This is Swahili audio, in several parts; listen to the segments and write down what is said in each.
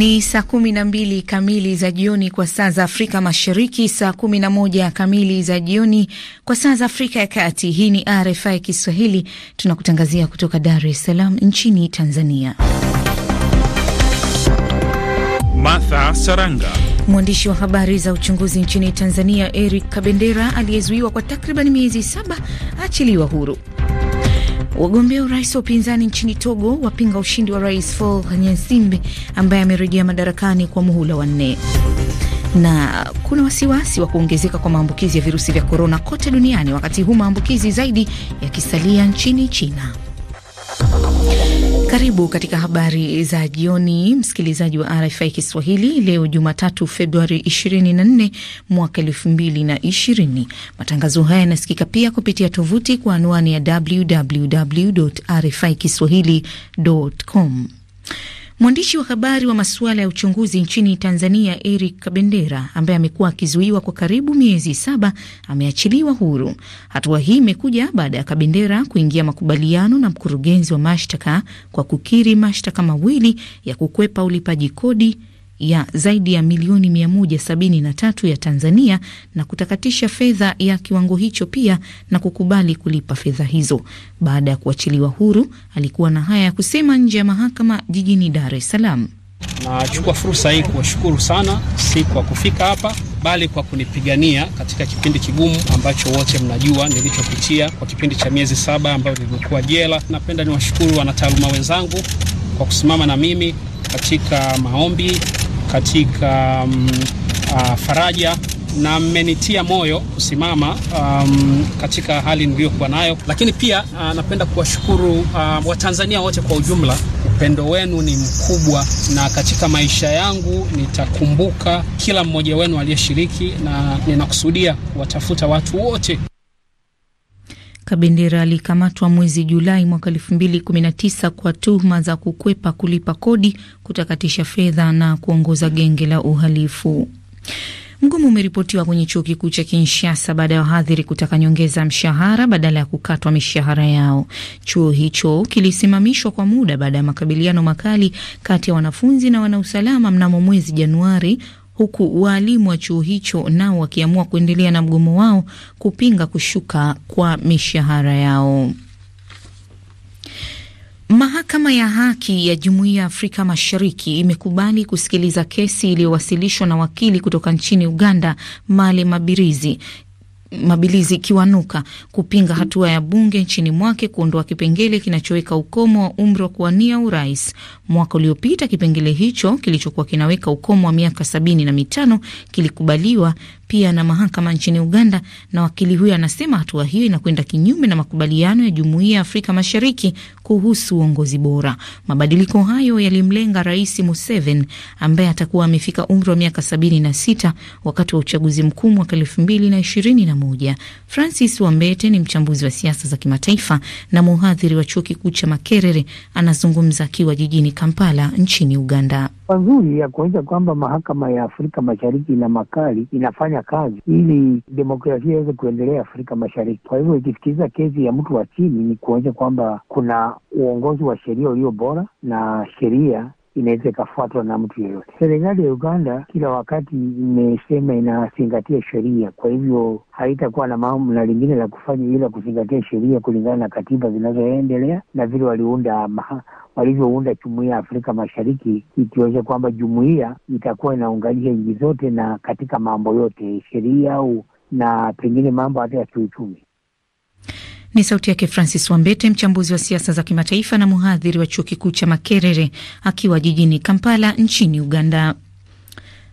Ni saa kumi na mbili kamili za jioni kwa saa za Afrika Mashariki, saa kumi na moja kamili za jioni kwa saa za Afrika ya Kati. Hii ni RFI Kiswahili, tunakutangazia kutoka Dar es Salaam nchini Tanzania. Martha Saranga, mwandishi wa habari za uchunguzi nchini Tanzania. Eric Kabendera aliyezuiwa kwa takriban miezi saba aachiliwa huru. Wagombea urais wa upinzani nchini Togo wapinga ushindi wa rais Faure Gnassingbe ambaye amerejea madarakani kwa muhula wa nne. Na kuna wasiwasi wa kuongezeka kwa maambukizi ya virusi vya korona kote duniani, wakati huu maambukizi zaidi yakisalia nchini China. Karibu katika habari za jioni, msikilizaji wa RFI Kiswahili. Leo Jumatatu, Februari 24 mwaka 2020. Matangazo haya yanasikika pia kupitia tovuti kwa anwani ya www rfi kiswahili com Mwandishi wa habari wa masuala ya uchunguzi nchini Tanzania Eric Kabendera ambaye amekuwa akizuiwa kwa karibu miezi saba ameachiliwa huru. Hatua hii imekuja baada ya Kabendera kuingia makubaliano na mkurugenzi wa mashtaka kwa kukiri mashtaka mawili ya kukwepa ulipaji kodi ya zaidi ya milioni 173 ya Tanzania na kutakatisha fedha ya kiwango hicho pia na kukubali kulipa fedha hizo. Baada ya kuachiliwa huru, alikuwa na haya ya kusema nje ya mahakama jijini Dar es Salaam. Nachukua fursa hii kuwashukuru sana, si kwa kufika hapa, bali kwa kunipigania katika kipindi kigumu ambacho wote mnajua nilichopitia kwa kipindi cha miezi saba ambayo nilikuwa jela. Napenda niwashukuru wanataaluma wenzangu kwa kusimama na mimi katika maombi katika um, uh, faraja na mmenitia moyo kusimama um, katika hali niliyokuwa nayo, lakini pia uh, napenda kuwashukuru uh, Watanzania wote kwa ujumla. Upendo wenu ni mkubwa, na katika maisha yangu nitakumbuka kila mmoja wenu aliyeshiriki, na ninakusudia kuwatafuta watu wote Kabendera alikamatwa mwezi Julai mwaka 2019 kwa tuhuma za kukwepa kulipa kodi, kutakatisha fedha na kuongoza genge la uhalifu. Mgomo umeripotiwa kwenye chuo kikuu cha Kinshasa baada ya wahadhiri kutaka nyongeza mshahara badala ya kukatwa mishahara yao. Chuo hicho kilisimamishwa kwa muda baada ya makabiliano makali kati ya wanafunzi na wanausalama mnamo mwezi Januari, huku waalimu wa chuo hicho nao wakiamua kuendelea na mgomo wao kupinga kushuka kwa mishahara yao. Mahakama ya Haki ya Jumuiya ya Afrika Mashariki imekubali kusikiliza kesi iliyowasilishwa na wakili kutoka nchini Uganda, Male Mabirizi, Mabilizi kiwanuka kupinga hatua ya bunge nchini mwake kuondoa kipengele kinachoweka ukomo wa umri wa kuwania urais. Mwaka uliopita kipengele hicho kilichokuwa kinaweka ukomo wa miaka sabini na mitano kilikubaliwa pia na mahakama nchini Uganda, na wakili huyo anasema hatua hiyo inakwenda kinyume na makubaliano ya Jumuiya ya Afrika Mashariki kuhusu uongozi bora. Mabadiliko hayo yalimlenga Rais Museveni ambaye atakuwa amefika umri wa miaka sabini na sita wakati wa uchaguzi mkuu mwaka elfu mbili na na ishirini moja. Francis Wambete ni mchambuzi wa siasa za kimataifa na muhadhiri wa chuo kikuu cha Makerere, anazungumza akiwa jijini Kampala nchini Uganda. Nzuri ya kuonyesha kwamba mahakama ya Afrika Mashariki ina makali inafanya kufanya kazi ili demokrasia iweze kuendelea Afrika Mashariki. Kwa hivyo ikisikiliza kesi ya mtu wa chini, ni kuonyesha kwamba kuna uongozi wa sheria ulio bora na sheria inaweza ikafuatwa na mtu yoyote. Serikali ya Uganda kila wakati imesema inazingatia sheria, kwa hivyo haitakuwa na mambo lingine la kufanya ila kuzingatia sheria kulingana na katiba zinazoendelea na vile waliunda walivyounda jumuiya ya Afrika Mashariki, ikiweza kwamba jumuiya itakuwa inaunganisha nchi zote na katika mambo yote sheria au na pengine mambo hata ya kiuchumi. Ni sauti yake Francis Wambete, mchambuzi wa siasa za kimataifa na mhadhiri wa chuo kikuu cha Makerere, akiwa jijini Kampala nchini Uganda.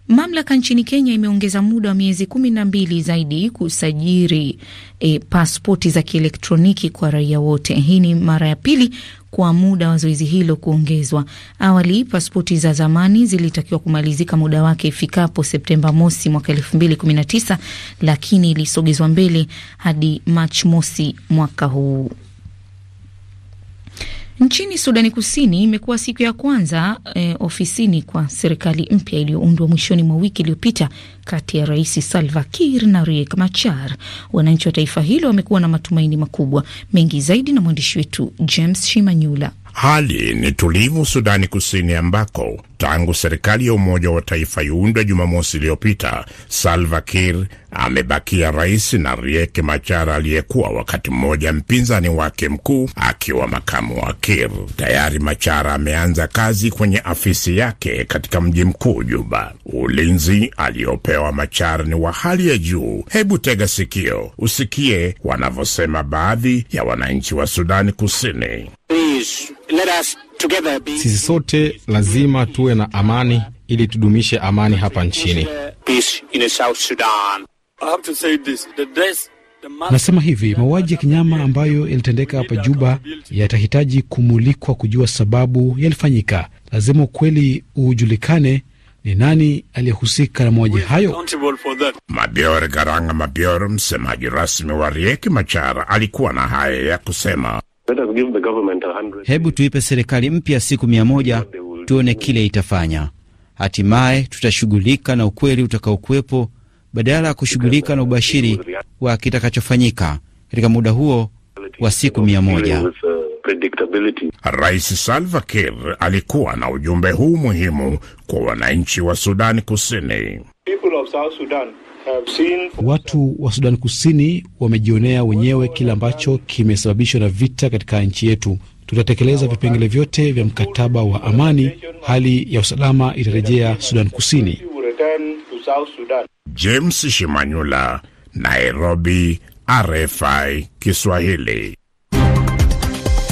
Mamlaka nchini Kenya imeongeza muda wa miezi kumi na mbili zaidi kusajili e, eh, paspoti za kielektroniki kwa raia wote. Hii ni mara ya pili kwa muda wa zoezi hilo kuongezwa. Awali paspoti za zamani zilitakiwa kumalizika muda wake ifikapo Septemba mosi mwaka elfu mbili kumi na tisa lakini ilisogezwa mbele hadi Machi mosi mwaka huu. Nchini Sudani Kusini imekuwa siku ya kwanza eh, ofisini kwa serikali mpya iliyoundwa mwishoni mwa wiki iliyopita kati ya Rais Salva Kiir na Riek Machar. Wananchi wa taifa hilo wamekuwa na matumaini makubwa. Mengi zaidi na mwandishi wetu James Shimanyula. Hali ni tulivu Sudani Kusini ambako tangu serikali ya umoja wa taifa iundwe Jumamosi iliyopita Salva Kiir amebakia rais na Riek Machar aliyekuwa wakati mmoja mpinzani wake mkuu akiwa makamu wa Kiir. Tayari Machar ameanza kazi kwenye afisi yake katika mji mkuu Juba. Ulinzi aliyopewa Machar ni wa hali ya juu. Hebu tega sikio usikie wanavyosema baadhi ya wananchi wa Sudani Kusini. Sisi sote lazima tuwe na amani ili tudumishe amani hapa nchini. Nasema hivi, mauaji ya kinyama ambayo yalitendeka hapa Juba yatahitaji kumulikwa kujua sababu yalifanyika. Lazima ukweli ujulikane, ni nani aliyehusika na mauaji hayo. Mabior Garanga Mabior, msemaji rasmi wa Rieki Machara, alikuwa na haya ya kusema. Let us give the government Hebu tuipe serikali mpya siku mia moja tuone kile itafanya. Hatimaye tutashughulika na ukweli utakaokuwepo badala ya kushughulika na ubashiri wa kitakachofanyika katika muda huo wa siku mia moja. Rais Salva Kiir alikuwa na ujumbe huu muhimu kwa wananchi wa Sudani Kusini. People of South Sudan. Watu wa sudan Kusini wamejionea wenyewe kile ambacho kimesababishwa na vita katika nchi yetu. Tutatekeleza vipengele vyote vya mkataba wa amani. Hali ya usalama itarejea sudan Kusini. James Shimanyula, Nairobi, RFI Kiswahili.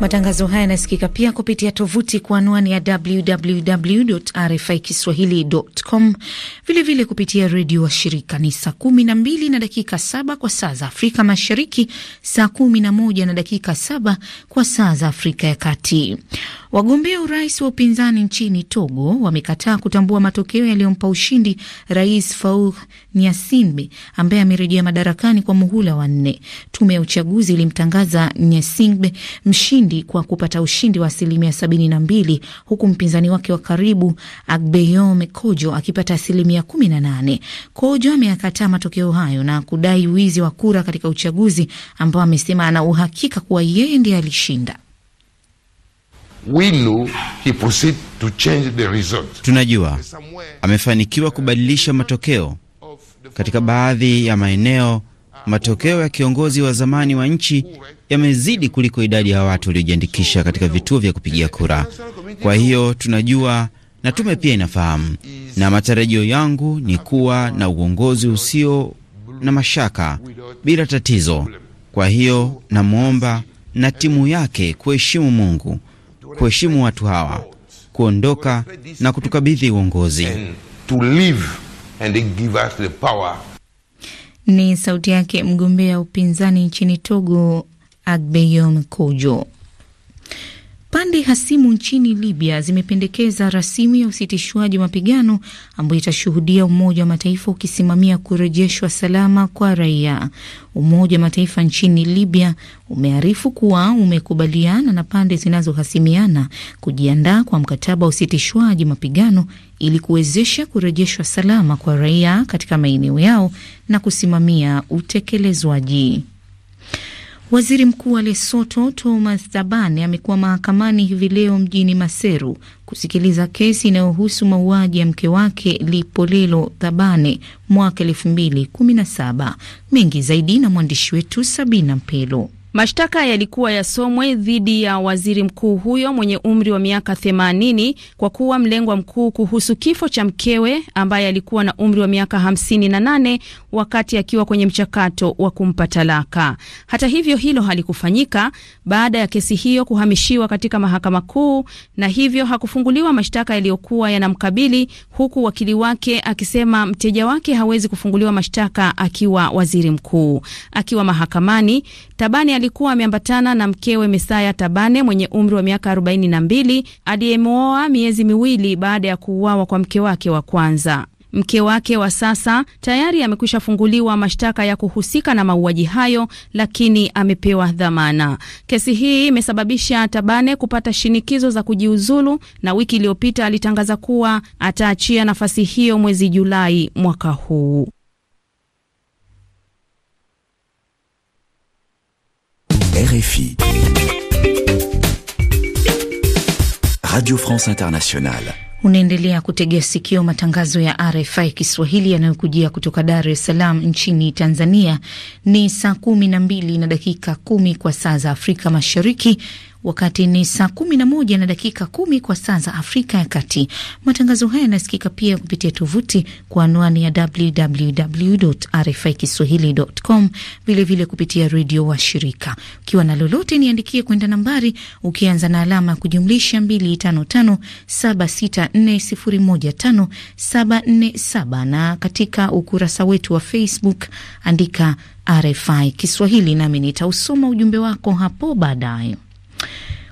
Matangazo haya yanasikika pia kupitia tovuti kwa anwani ya www RFI kiswahilicom, vilevile kupitia redio wa shirika. Ni saa kumi na mbili na dakika saba kwa saa za Afrika Mashariki, saa kumi na dakika saba kwa saa za Afrika ya Kati. Wagombea urais wa upinzani nchini Togo wamekataa kutambua matokeo yaliyompa ushindi rais Faure nyasimbe ambaye amerejea madarakani kwa muhula wa nne. Tume ya uchaguzi ilimtangaza Nyasimbe mshindi kwa kupata ushindi wa asilimia sabini na mbili huku mpinzani wake wa karibu Agbeyom Kojo akipata asilimia kumi na nane. Kojo ameakataa matokeo hayo na kudai wizi wa kura katika uchaguzi ambao amesema ana uhakika kuwa yeye ndiye alishinda. Tunajua amefanikiwa kubadilisha matokeo katika baadhi ya maeneo, matokeo ya kiongozi wa zamani wa nchi yamezidi kuliko idadi ya watu waliojiandikisha katika vituo vya kupigia kura. Kwa hiyo tunajua na tume pia inafahamu, na matarajio yangu ni kuwa na uongozi usio na mashaka, bila tatizo. Kwa hiyo namwomba na timu yake kuheshimu Mungu, kuheshimu watu hawa, kuondoka na kutukabidhi uongozi to and they give us the power. Ni sauti yake mgombea upinzani nchini Togo Agbeyom Kojo. Pande hasimu nchini Libya zimependekeza rasimu ya usitishwaji wa mapigano ambayo itashuhudia Umoja wa Mataifa ukisimamia kurejeshwa salama kwa raia. Umoja wa Mataifa nchini Libya umearifu kuwa umekubaliana na pande zinazohasimiana kujiandaa kwa mkataba wa usitishwaji mapigano ili kuwezesha kurejeshwa salama kwa raia katika maeneo yao na kusimamia utekelezwaji. Waziri Mkuu wa Lesoto Thomas Thabane amekuwa mahakamani hivi leo mjini Maseru kusikiliza kesi inayohusu mauaji ya mke wake Lipolelo Thabane mwaka elfu mbili kumi na saba. Mengi zaidi na mwandishi wetu Sabina Mpelo. Mashtaka yalikuwa yasomwe dhidi ya waziri mkuu huyo mwenye umri wa miaka 80 kwa kuwa mlengwa mkuu kuhusu kifo cha mkewe ambaye alikuwa na umri wa miaka 58 wakati akiwa kwenye mchakato wa kumpa talaka. Hata hivyo, hilo halikufanyika baada ya kesi hiyo kuhamishiwa katika mahakama kuu, na hivyo hakufunguliwa mashtaka yaliyokuwa yanamkabili, huku wakili wake akisema mteja wake hawezi kufunguliwa mashtaka akiwa waziri mkuu. Akiwa mahakamani Tabani alikuwa ameambatana na mkewe Mesaya Tabane mwenye umri wa miaka 42 aliyemwoa miezi miwili baada ya kuuawa kwa mke wake wa kwanza. Mke wake wa sasa tayari amekwisha funguliwa mashtaka ya kuhusika na mauaji hayo, lakini amepewa dhamana. Kesi hii imesababisha Tabane kupata shinikizo za kujiuzulu, na wiki iliyopita alitangaza kuwa ataachia nafasi hiyo mwezi Julai mwaka huu. RFI. Radio France Internationale. Unaendelea kutegea sikio matangazo ya RFI Kiswahili yanayokujia kutoka Dar es Salaam nchini Tanzania. Ni saa kumi na mbili na dakika kumi kwa saa za Afrika Mashariki, wakati ni saa kumi na moja na dakika kumi kwa saa za Afrika ya Kati. Matangazo haya yanasikika pia kupitia tovuti kwa anwani ya www RFI kiswahilicom, vilevile kupitia redio wa shirika. Ukiwa na lolote, niandikie kwenda nambari ukianza na alama ya kujumlisha 255764015747 na katika ukurasa wetu wa Facebook andika RFI Kiswahili, nami nitausoma ujumbe wako hapo baadaye.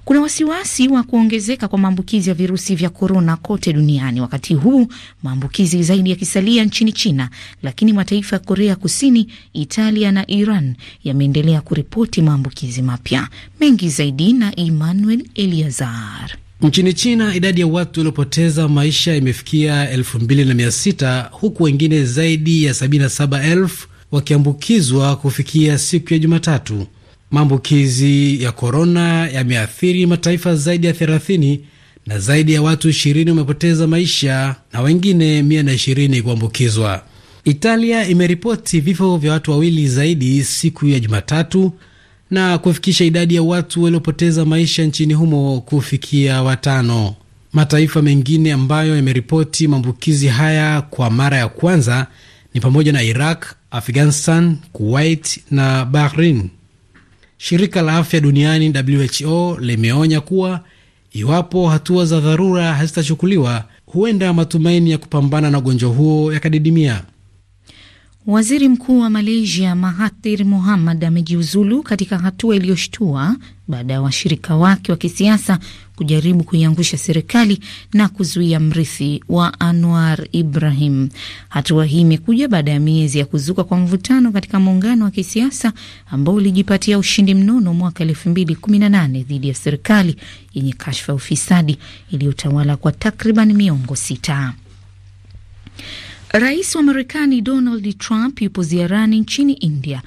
Kuna wasiwasi wa kuongezeka kwa maambukizi ya virusi vya korona kote duniani, wakati huu maambukizi zaidi yakisalia nchini China, lakini mataifa ya Korea Kusini, Italia na Iran yameendelea kuripoti maambukizi mapya mengi zaidi. na Emmanuel Eliazar. Nchini China, idadi ya watu waliopoteza maisha imefikia 26 huku wengine zaidi ya 77 wakiambukizwa kufikia siku ya Jumatatu. Maambukizi ya korona yameathiri mataifa zaidi ya 30 na zaidi ya watu 20 wamepoteza maisha na wengine 120 kuambukizwa. Italia imeripoti vifo vya watu wawili zaidi siku ya Jumatatu na kufikisha idadi ya watu waliopoteza maisha nchini humo kufikia watano. Mataifa mengine ambayo yameripoti maambukizi haya kwa mara ya kwanza ni pamoja na Iraq, Afghanistan, Kuwait na Bahrain. Shirika la afya duniani WHO limeonya kuwa iwapo hatua za dharura hazitachukuliwa, huenda matumaini ya kupambana na ugonjwa huo yakadidimia. Waziri Mkuu wa Malaysia Mahathir muhammad amejiuzulu katika hatua iliyoshtua baada ya washirika wake wa kisiasa kujaribu kuiangusha serikali na kuzuia mrithi wa Anwar Ibrahim. Hatua hii imekuja baada ya miezi ya kuzuka kwa mvutano katika muungano wa kisiasa ambao ulijipatia ushindi mnono mwaka nane dhidi ya serikali yenye kashfa ya ufisadi iliyotawala kwa takriban miongo sita. Rais wa Marekani Donald Trump yupo ziarani nchini India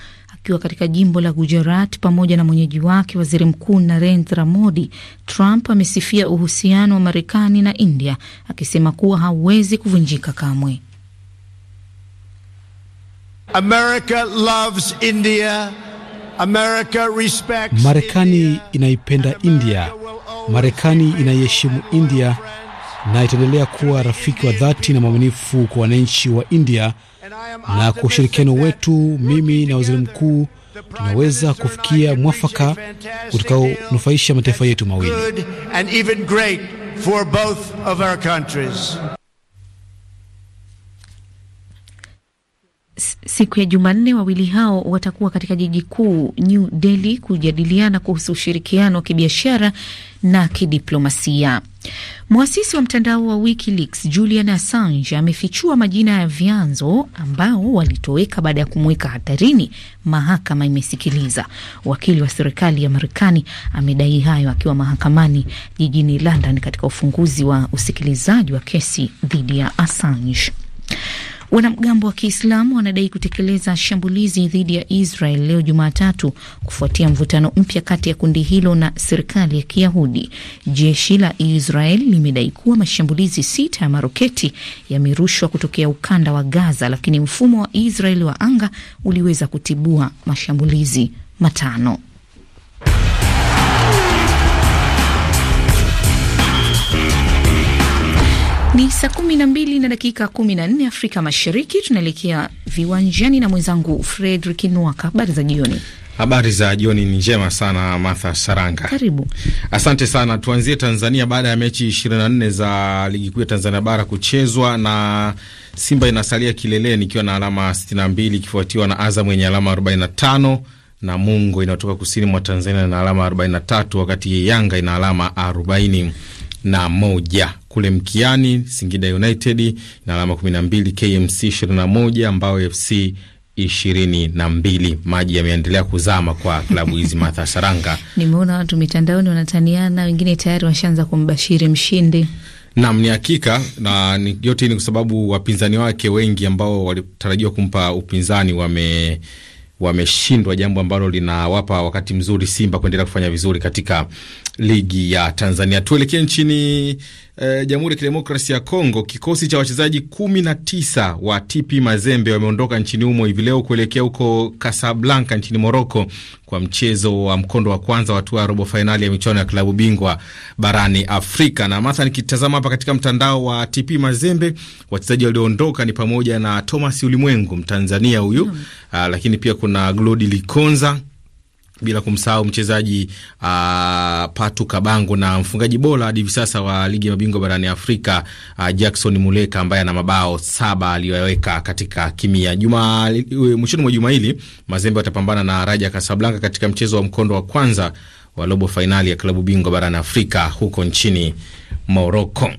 akiwa katika jimbo la Gujarat pamoja na mwenyeji wake waziri mkuu Narendra Modi, Trump amesifia uhusiano wa Marekani na India akisema kuwa hauwezi kuvunjika kamwe. America loves India. America respects Marekani inaipenda India. Marekani inaiheshimu India na itaendelea kuwa rafiki wa dhati na mwaminifu kwa wananchi wa India na kwa ushirikiano wetu, mimi na waziri mkuu tunaweza kufikia mwafaka utakaonufaisha mataifa yetu mawili. Siku ya Jumanne wawili hao watakuwa katika jiji kuu New Delhi kujadiliana kuhusu ushirikiano wa kibiashara na kidiplomasia. Mwasisi wa mtandao wa WikiLeaks Julian Assange amefichua majina ya vyanzo ambao walitoweka baada ya kumweka hatarini, mahakama imesikiliza. Wakili wa serikali ya Marekani amedai hayo akiwa mahakamani jijini London katika ufunguzi wa usikilizaji wa kesi dhidi ya Assange. Wanamgambo wa Kiislamu wanadai kutekeleza shambulizi dhidi ya Israel leo Jumatatu kufuatia mvutano mpya kati ya kundi hilo na serikali ya Kiyahudi. Jeshi la Israel limedai kuwa mashambulizi sita ya maroketi yamerushwa kutokea ukanda wa Gaza, lakini mfumo wa Israel wa anga uliweza kutibua mashambulizi matano. Ni saa 12 na dakika 14 Afrika Mashariki. Tunaelekea viwanjani na mwenzangu Fredrik Nwaka. Habari za jioni. Habari za jioni ni njema sana Martha Saranga. Karibu. Asante sana. Tuanzie Tanzania baada ya mechi 24 za ligi kuu ya Tanzania bara kuchezwa na Simba inasalia kileleni ikiwa na alama 62 ikifuatiwa na Azam yenye alama 45 na Mungo inayotoka kusini mwa Tanzania na alama 43 wakati Yanga ina alama 40 na moja kule mkiani Singida United na alama 12, KMC 21, ambao FC 22. Maji yameendelea kuzama kwa klabu hizi Martha Saranga. Nimeona watu mitandaoni wanataniana, wengine tayari washaanza kumbashiri mshindi. Naam, ni hakika na ni, yote ni kwa sababu wapinzani wake wengi ambao walitarajiwa kumpa upinzani wame wameshindwa, jambo ambalo linawapa wakati mzuri Simba kuendelea kufanya vizuri katika ligi ya Tanzania. Tuelekee nchini e, Jamhuri ya Kidemokrasia ya Kongo. Kikosi cha wachezaji kumi na tisa wa TP Mazembe wameondoka nchini humo hivi leo kuelekea huko Casablanca nchini Moroko kwa mchezo wa mkondo wa kwanza wa hatua ya robo fainali ya michuano ya klabu bingwa barani Afrika. Na masa nikitazama hapa katika mtandao wa TP Mazembe, wachezaji walioondoka ni pamoja na Thomas Ulimwengu, Mtanzania huyu mm. Lakini pia kuna Glodi Likonza bila kumsahau mchezaji uh, Patu Kabango na mfungaji bora hadi hivi sasa wa ligi ya mabingwa barani Afrika uh, Jackson Muleka ambaye ana mabao saba aliyoyaweka katika kimia. Juma mwishoni mwa juma hili Mazembe watapambana na Raja kasablanka katika mchezo wa mkondo wa kwanza wa robo fainali ya klabu bingwa barani Afrika huko nchini Moroko.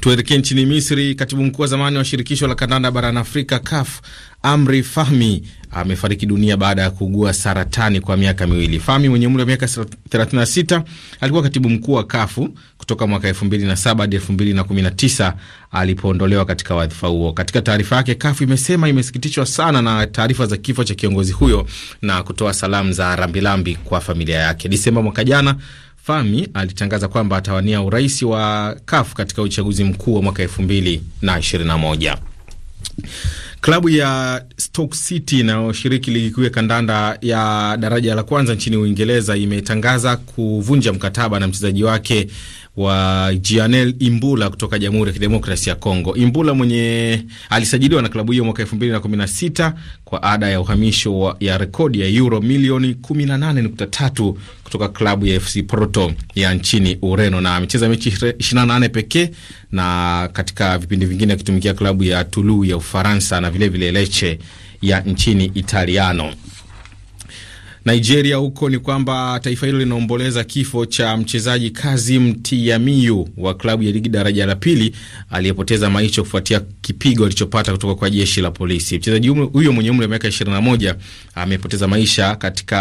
Tuelekee nchini Misri. Katibu mkuu wa zamani wa shirikisho la kandanda barani Afrika CAF Amri Fahmi amefariki dunia baada ya kuugua saratani kwa miaka miwili. Fahmi mwenye umri wa miaka 36 alikuwa katibu mkuu wa Kafu kutoka mwaka 2007 hadi 2019 alipoondolewa katika wadhifa huo. Katika taarifa yake, Kafu imesema imesikitishwa sana na taarifa za kifo cha kiongozi huyo na kutoa salamu za rambirambi kwa familia yake. Desemba mwaka jana Fahmi alitangaza kwamba atawania urais wa Kafu katika uchaguzi mkuu wa mwaka 2021. Klabu ya Stoke City inayoshiriki ligi kuu ya kandanda ya daraja la kwanza nchini Uingereza imetangaza kuvunja mkataba na mchezaji wake wa Gianel Imbula kutoka Jamhuri ya Kidemokrasia ya Kongo. Imbula mwenye alisajiliwa na klabu hiyo mwaka 2016 kwa ada ya uhamisho ya rekodi ya euro milioni 18.3 kutoka klabu ya FC Porto ya nchini Ureno, na amecheza mechi 28 pekee na katika vipindi vingine akitumikia klabu ya Toulouse ya Ufaransa na vilevile vile Lecce ya nchini Italiano. Nigeria huko ni kwamba taifa hilo linaomboleza kifo cha mchezaji Kazim Tiamiu wa klabu ya ligi daraja la pili aliyepoteza maisha kufuatia kipigo alichopata kutoka kwa jeshi la polisi. Mchezaji huyo mwenye umri wa miaka 21 amepoteza maisha katika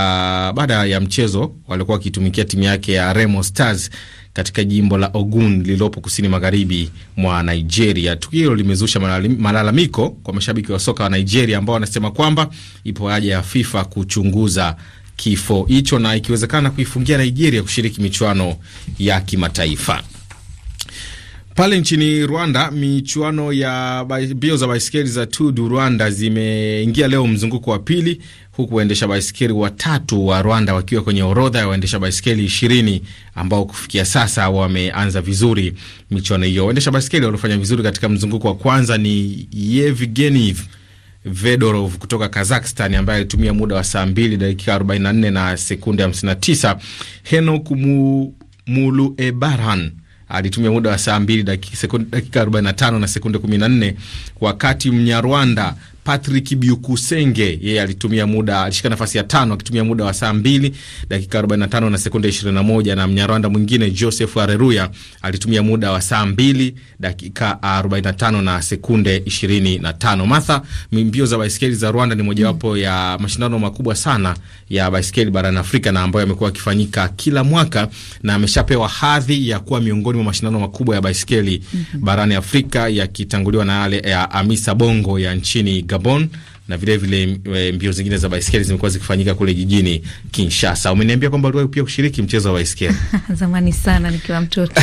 baada ya mchezo waliokuwa wakitumikia timu yake ya Remo Stars katika jimbo la Ogun lililopo kusini magharibi mwa Nigeria. Tukio hilo limezusha malalamiko kwa mashabiki wa soka wa Nigeria ambao wanasema kwamba ipo haja ya FIFA kuchunguza kifo hicho na ikiwezekana kuifungia Nigeria kushiriki michuano ya kimataifa. Pale nchini Rwanda, michuano ya mbio za baiskeli za Tour du Rwanda zimeingia leo mzunguko wa pili, huku waendesha baiskeli watatu wa Rwanda wakiwa kwenye orodha ya waendesha baiskeli ishirini ambao kufikia sasa wameanza vizuri michuano hiyo. Waendesha baiskeli waliofanya vizuri katika mzunguko wa kwanza ni Yevgeniv Vedorov kutoka Kazakhstan ambaye alitumia muda wa saa 2 dakika 44 na sekunde 59. Henok Muluebaran alitumia muda wa saa 2 dakika 45 na sekunde 14, wakati Mnyarwanda Patrick Byukusenge yeye alitumia muda, alishika nafasi ya tano akitumia muda wa saa mbili dakika 45 na sekunde 21, na Mnyarwanda mwingine Joseph Areruya alitumia muda wa saa mbili dakika 45 na sekunde 25. Martha, mbio za baiskeli za Rwanda ni mojawapo mm, ya mashindano makubwa sana ya baiskeli barani Afrika na ambayo yamekuwa yakifanyika kila mwaka na ameshapewa hadhi ya kuwa miongoni mwa mashindano makubwa ya baiskeli mm -hmm, barani Afrika yakitanguliwa na yale ya Amisa Bongo ya nchini Gabon. Gabon na vilevile vile e, mbio zingine za baiskeli zimekuwa zikifanyika kule jijini Kinshasa. Umeniambia kwamba uliwahi pia kushiriki mchezo wa baiskeli. Zamani sana nikiwa mtoto.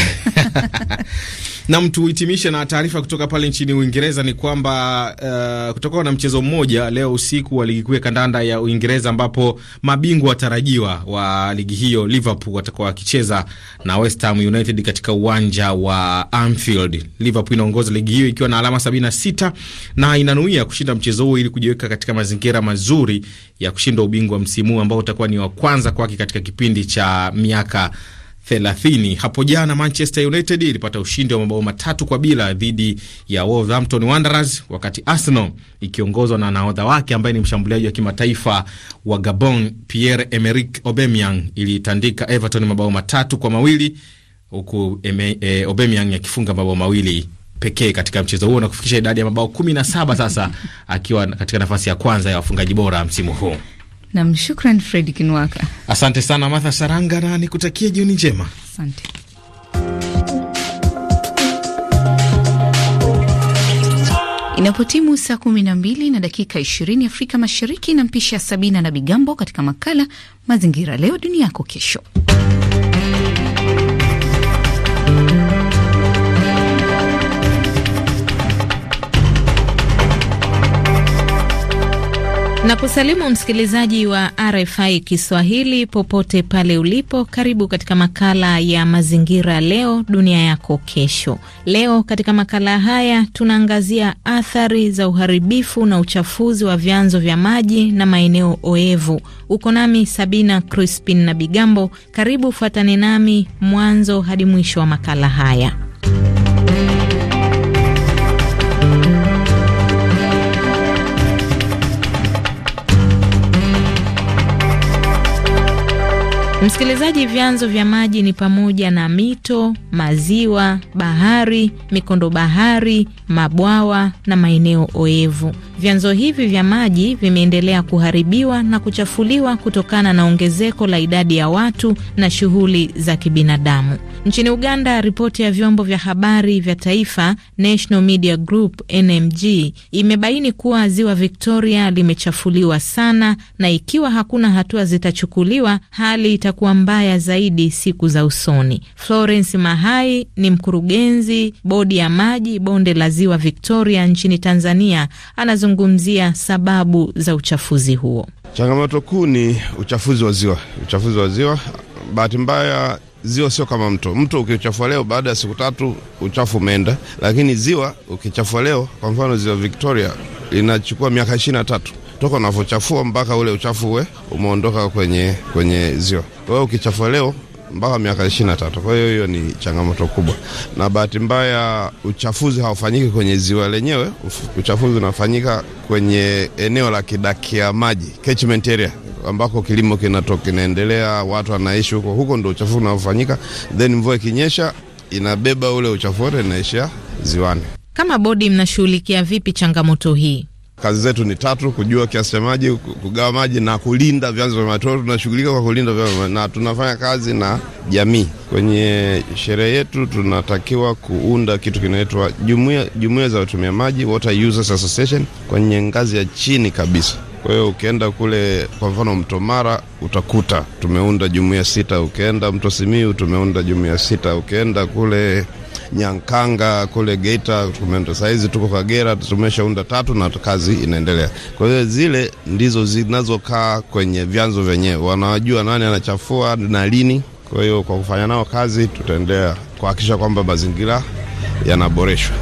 Nam, tuhitimishe na taarifa kutoka pale nchini Uingereza ni kwamba uh, eh, kutakuwa na mchezo mmoja leo usiku wa ligi kuu ya kandanda ya Uingereza ambapo mabingwa watarajiwa wa ligi hiyo Liverpool watakuwa wakicheza na West Ham United katika uwanja wa Anfield. Liverpool inaongoza ligi hiyo ikiwa na alama 76 na inanuia kushinda mchezo huo ili kujiweka katika mazingira mazuri ya kushinda ubingwa msimu ambao utakuwa ni wa kwanza kwake katika kipindi cha miaka 30. Hapo jana Manchester United ilipata ushindi wa mabao matatu kwa bila dhidi ya Wolverhampton Wanderers, wakati Arsenal ikiongozwa na nahodha wake ambaye ni mshambuliaji wa kimataifa wa Gabon Pierre Emerick Aubameyang ilitandika Everton mabao matatu kwa mawili huku e, Aubameyang akifunga mabao mawili pekee katika mchezo huo na kufikisha idadi ya mabao kumi na saba sasa akiwa katika nafasi ya kwanza ya wafungaji bora msimu huu. Nam, shukran Fred Kinwaka. Asante sana Martha Saranga, na nikutakia jioni njema. Asante. Inapotimu saa kumi na mbili na dakika ishirini Afrika Mashariki, na mpisha Sabina na Bigambo katika makala Mazingira Leo Dunia Yako Kesho. na kusalimu msikilizaji wa RFI Kiswahili popote pale ulipo. Karibu katika makala ya mazingira leo, dunia yako kesho. Leo katika makala haya tunaangazia athari za uharibifu na uchafuzi wa vyanzo vya maji na maeneo oevu. Uko nami Sabina Crispin na Bigambo. Karibu, fuatane nami mwanzo hadi mwisho wa makala haya. Msikilizaji, vyanzo vya maji ni pamoja na mito, maziwa, bahari, mikondo bahari, mabwawa na maeneo oevu. Vyanzo hivi vya maji vimeendelea kuharibiwa na kuchafuliwa kutokana na ongezeko la idadi ya watu na shughuli za kibinadamu. Nchini Uganda, ripoti ya vyombo vya habari vya taifa National Media Group NMG imebaini kuwa ziwa Victoria limechafuliwa sana na ikiwa hakuna hatua zitachukuliwa hali ita itakuwa mbaya zaidi siku za usoni. Florence Mahai ni mkurugenzi bodi ya maji bonde la ziwa Victoria nchini Tanzania, anazungumzia sababu za uchafuzi huo. Changamoto kuu ni uchafuzi wa ziwa, uchafuzi wa ziwa. Bahati mbaya ziwa sio kama mto. Mto ukichafua leo, baada ya siku tatu uchafu umeenda, lakini ziwa ukichafua leo, kwa mfano ziwa Victoria linachukua miaka ishirini na tatu toka unavochafua mpaka ule uchafu uwe eh, umeondoka kwenye, kwenye ziwa. Kwa hiyo ukichafua leo mpaka miaka ishirini na tatu. Kwa hiyo hiyo ni changamoto kubwa, na bahati mbaya uchafuzi haufanyiki kwenye ziwa lenyewe. Uchafuzi unafanyika kwenye eneo la kidakia maji, catchment area, ambako kilimo kinatoka kinaendelea, watu wanaishi huko, huko ndo uchafuzi unaofanyika, then mvua ikinyesha inabeba ule uchafu wote, inaishia ziwani. Kama bodi, mnashughulikia vipi changamoto hii? Kazi zetu ni tatu: kujua kiasi cha maji, kugawa maji na kulinda vyanzo vya maji. Tunashughulika kwa kulinda vyanzo, na tunafanya kazi na jamii. Kwenye sherehe yetu tunatakiwa kuunda kitu kinaitwa jumuiya, jumuiya za watumia maji, water users association, kwenye ngazi ya chini kabisa. Kwa hiyo ukienda kule kwa mfano mto Mara utakuta tumeunda jumuiya sita, ukienda mto Simiu tumeunda jumuiya sita, ukienda kule Nyankanga kule Geita, tumeenda saizi, tuko Kagera, tumeshaunda tatu na kazi inaendelea. Kwa hiyo zile ndizo zinazokaa kwenye vyanzo vyenyewe, wanajua nani anachafua na lini. Kwa hiyo kwa kufanya nao kazi, tutaendelea kuhakikisha kwamba mazingira yanaboreshwa.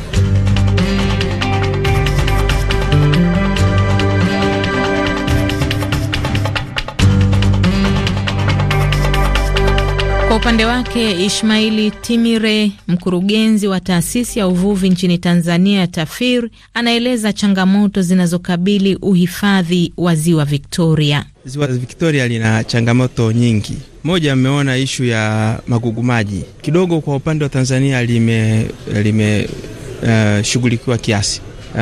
upande wake Ishmaili Timire, mkurugenzi wa taasisi ya uvuvi nchini Tanzania ya TAFIR, anaeleza changamoto zinazokabili uhifadhi wa ziwa Victoria. Ziwa Victoria lina changamoto nyingi. Moja, mmeona ishu ya magugu maji kidogo, kwa upande wa Tanzania lime, lime uh, kiasi. Uh,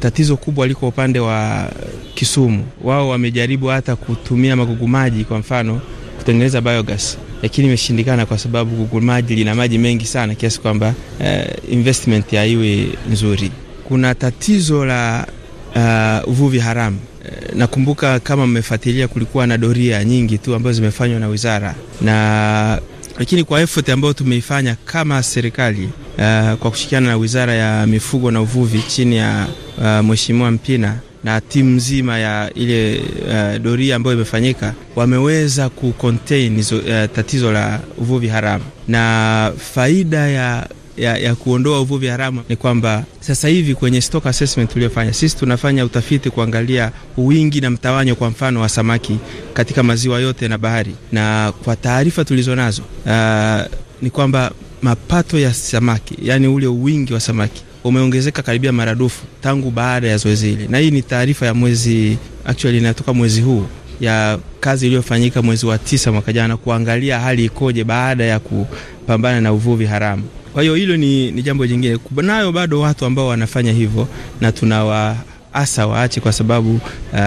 tatizo kubwa liko upande wa Kisumu. Wao wamejaribu hata kutumia magugu maji, kwa mfano kutengeneza biogas lakini imeshindikana kwa sababu Google maji lina maji mengi sana kiasi kwamba uh, investment haiwi nzuri. Kuna tatizo la uh, uvuvi haramu. Eh, nakumbuka kama mmefuatilia, kulikuwa na doria nyingi tu ambazo zimefanywa na wizara na lakini kwa effort ambayo tumeifanya kama serikali uh, kwa kushirikiana na wizara ya mifugo na uvuvi chini ya uh, Mheshimiwa Mpina na timu nzima ya ile uh, doria ambayo imefanyika wameweza kucontain hizo uh, tatizo la uvuvi haramu na faida ya ya, ya kuondoa uvuvi haramu ni kwamba sasa hivi kwenye stock assessment tuliyofanya sisi, tunafanya utafiti kuangalia wingi na mtawanyo, kwa mfano wa samaki katika maziwa yote na bahari, na kwa taarifa nazo uh, ni kwamba mapato ya samaki, yani ule wingi wa samaki umeongezeka karibia maradufu tangu baada ya zoezi hili, na hii ni taarifa ya mwezi actually inatoka mwezi huu ya kazi iliyofanyika mwezi wa tisa mwaka jana kuangalia hali ikoje baada ya kupambana na uvuvi haramu. Kwa hiyo hilo ni, ni jambo jingine. Nayo bado watu ambao wanafanya hivyo na asa waache, kwa sababu uh,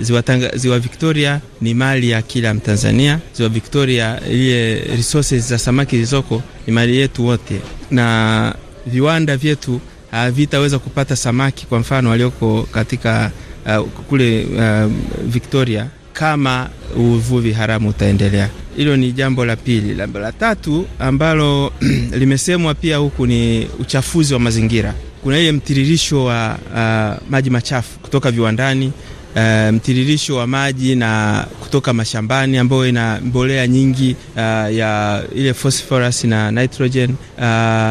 ziwa, Tanga, ziwa Victoria ni mali ya kila Mtanzania. Ziwa Victoria, ile resources za samaki zilizoko ni mali yetu wote, na viwanda vyetu uh, vitaweza kupata samaki kwa mfano walioko katika uh, kule uh, Victoria kama uvuvi haramu utaendelea. Hilo ni jambo la pili. Jambo la tatu ambalo limesemwa pia huku ni uchafuzi wa mazingira. Kuna ile mtiririsho wa uh, maji machafu kutoka viwandani uh, eh, mtiririsho wa maji na kutoka mashambani ambayo ina mbolea nyingi uh, ya ile phosphorus na nitrogen uh,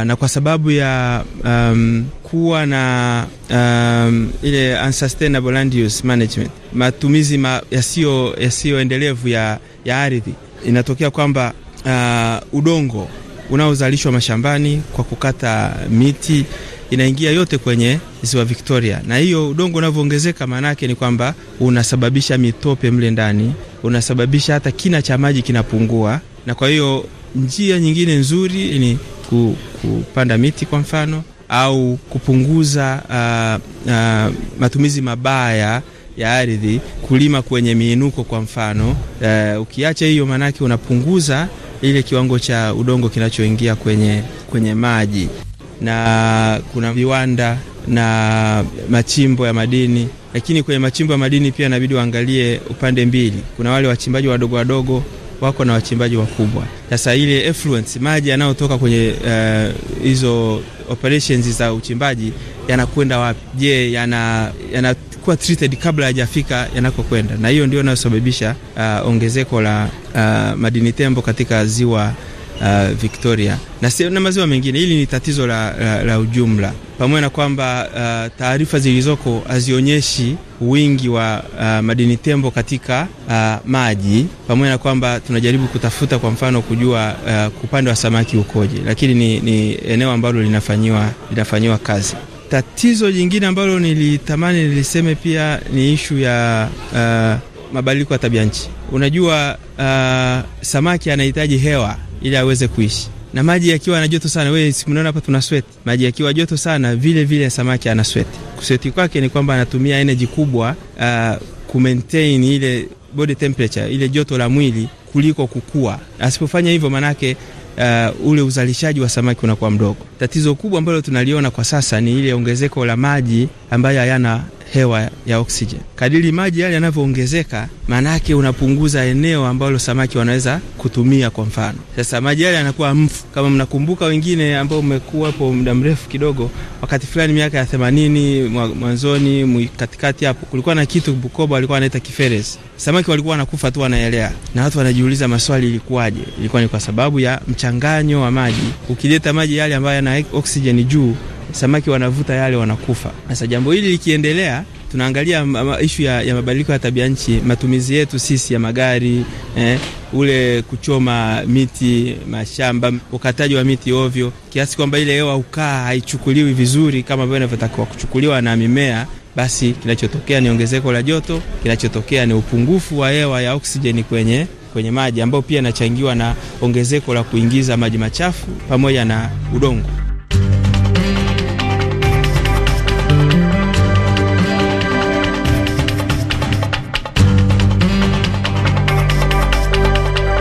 na kwa sababu ya um, kuwa na um, ile unsustainable land use management, matumizi ma, yasiyo yasiyoendelevu ya, ya ardhi, inatokea kwamba uh, udongo unaozalishwa mashambani kwa kukata miti inaingia yote kwenye ziwa Victoria, na hiyo udongo unavyoongezeka, maanake ni kwamba unasababisha mitope mle ndani, unasababisha hata kina cha maji kinapungua, na kwa hiyo njia nyingine nzuri ni kupanda miti kwa mfano au kupunguza uh, uh, matumizi mabaya ya ardhi, kulima kwenye miinuko kwa mfano. Uh, ukiacha hiyo, maanake unapunguza ile kiwango cha udongo kinachoingia kwenye, kwenye maji na kuna viwanda na machimbo ya madini, lakini kwenye machimbo ya madini pia inabidi waangalie upande mbili. Kuna wale wachimbaji wadogo wadogo wako na wachimbaji wakubwa. Sasa ile effluence, maji yanayotoka kwenye eh, hizo uh, operations za uchimbaji yanakwenda wapi? Je, yana yanakuwa treated kabla hajafika yanakokwenda? Na hiyo ndio inayosababisha uh, ongezeko la uh, madini tembo katika ziwa uh, Victoria na, se, na maziwa mengine. Hili ni tatizo la, la, la ujumla, pamoja na kwamba uh, taarifa zilizoko hazionyeshi wingi wa uh, madini tembo katika uh, maji, pamoja na kwamba tunajaribu kutafuta kwa mfano kujua uh, upande wa samaki ukoje, lakini ni, ni eneo ambalo linafanyiwa linafanyiwa kazi. Tatizo jingine ambalo nilitamani niliseme pia ni ishu ya uh, mabadiliko ya tabia nchi. Unajua, uh, samaki anahitaji hewa ili aweze kuishi. Na maji yakiwa na joto sana, wewe si mnaona hapa tuna sweat. Maji yakiwa joto sana, vile vile samaki ana sweat. Kusweat kwake ni kwamba anatumia energy kubwa uh, ku maintain ile body temperature, ile joto la mwili kuliko kukua. Asipofanya hivyo manake Uh, ule uzalishaji wa samaki unakuwa mdogo. Tatizo kubwa ambalo tunaliona kwa sasa ni ile ongezeko la maji ambayo hayana hewa ya oxygen. Kadiri maji yale yanavyoongezeka, maana yake unapunguza eneo ambalo samaki wanaweza kutumia. Kwa mfano sasa, maji yale yanakuwa mfu. Kama mnakumbuka wengine ambao mmekuwapo muda mrefu kidogo, wakati fulani miaka ya themanini mwanzoni, katikati hapo, kulikuwa na kitu Bukoba walikuwa wanaita kiferes. Samaki walikuwa wanakufa tu wanaelea, na watu wanajiuliza maswali, ilikuwaje? Ilikuwa ni kwa sababu ya mchanganyo wa maji. Ukileta maji yale ambayo yana oksijeni juu samaki wanavuta yale, wanakufa. Sasa jambo hili likiendelea tunaangalia ishu ya, ya mabadiliko ya tabia nchi, matumizi yetu sisi ya magari eh, ule kuchoma miti mashamba, ukataji wa miti ovyo, kiasi kwamba ile hewa ukaa haichukuliwi vizuri kama ambavyo inavyotakiwa kuchukuliwa na mimea. Basi kinachotokea ni ongezeko la joto, kinachotokea ni upungufu wa hewa ya oksijeni kwenye, kwenye maji ambayo pia inachangiwa na ongezeko la kuingiza maji machafu pamoja na udongo.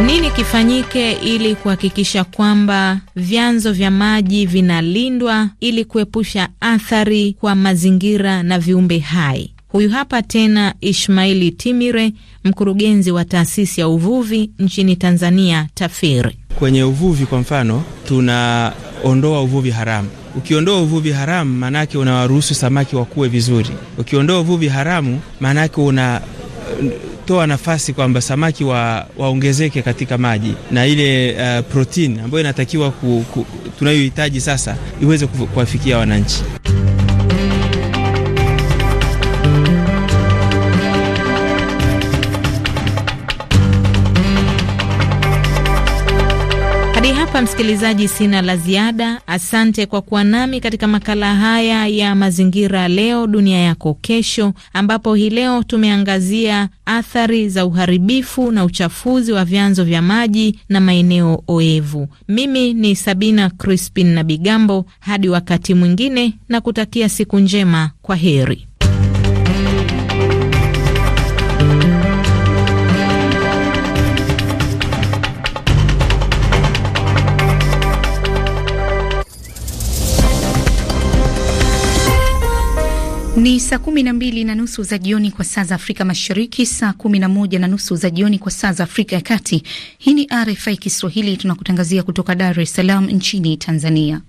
Nini kifanyike ili kuhakikisha kwamba vyanzo vya maji vinalindwa ili kuepusha athari kwa mazingira na viumbe hai? Huyu hapa tena Ishmaili Timire, mkurugenzi wa taasisi ya uvuvi nchini Tanzania, TAFIRI. Kwenye uvuvi kwa mfano, tunaondoa uvuvi haramu. Ukiondoa uvuvi haramu, maanake unawaruhusu samaki wakuwe vizuri. Ukiondoa uvuvi haramu, maanake una kutoa nafasi kwamba samaki wa, waongezeke katika maji na ile uh, protein ambayo inatakiwa tunayohitaji sasa iweze kuwafikia wananchi. hapa, msikilizaji, sina la ziada. Asante kwa kuwa nami katika makala haya ya mazingira leo dunia yako kesho, ambapo hii leo tumeangazia athari za uharibifu na uchafuzi wa vyanzo vya maji na maeneo oevu. Mimi ni Sabina Crispin na Bigambo. Hadi wakati mwingine, na kutakia siku njema. Kwa heri. saa kumi na mbili na nusu za jioni kwa saa za Afrika Mashariki, saa kumi na moja na nusu za jioni kwa saa za Afrika ya Kati. Hii ni RFI Kiswahili, tunakutangazia kutoka Dar es Salaam nchini Tanzania.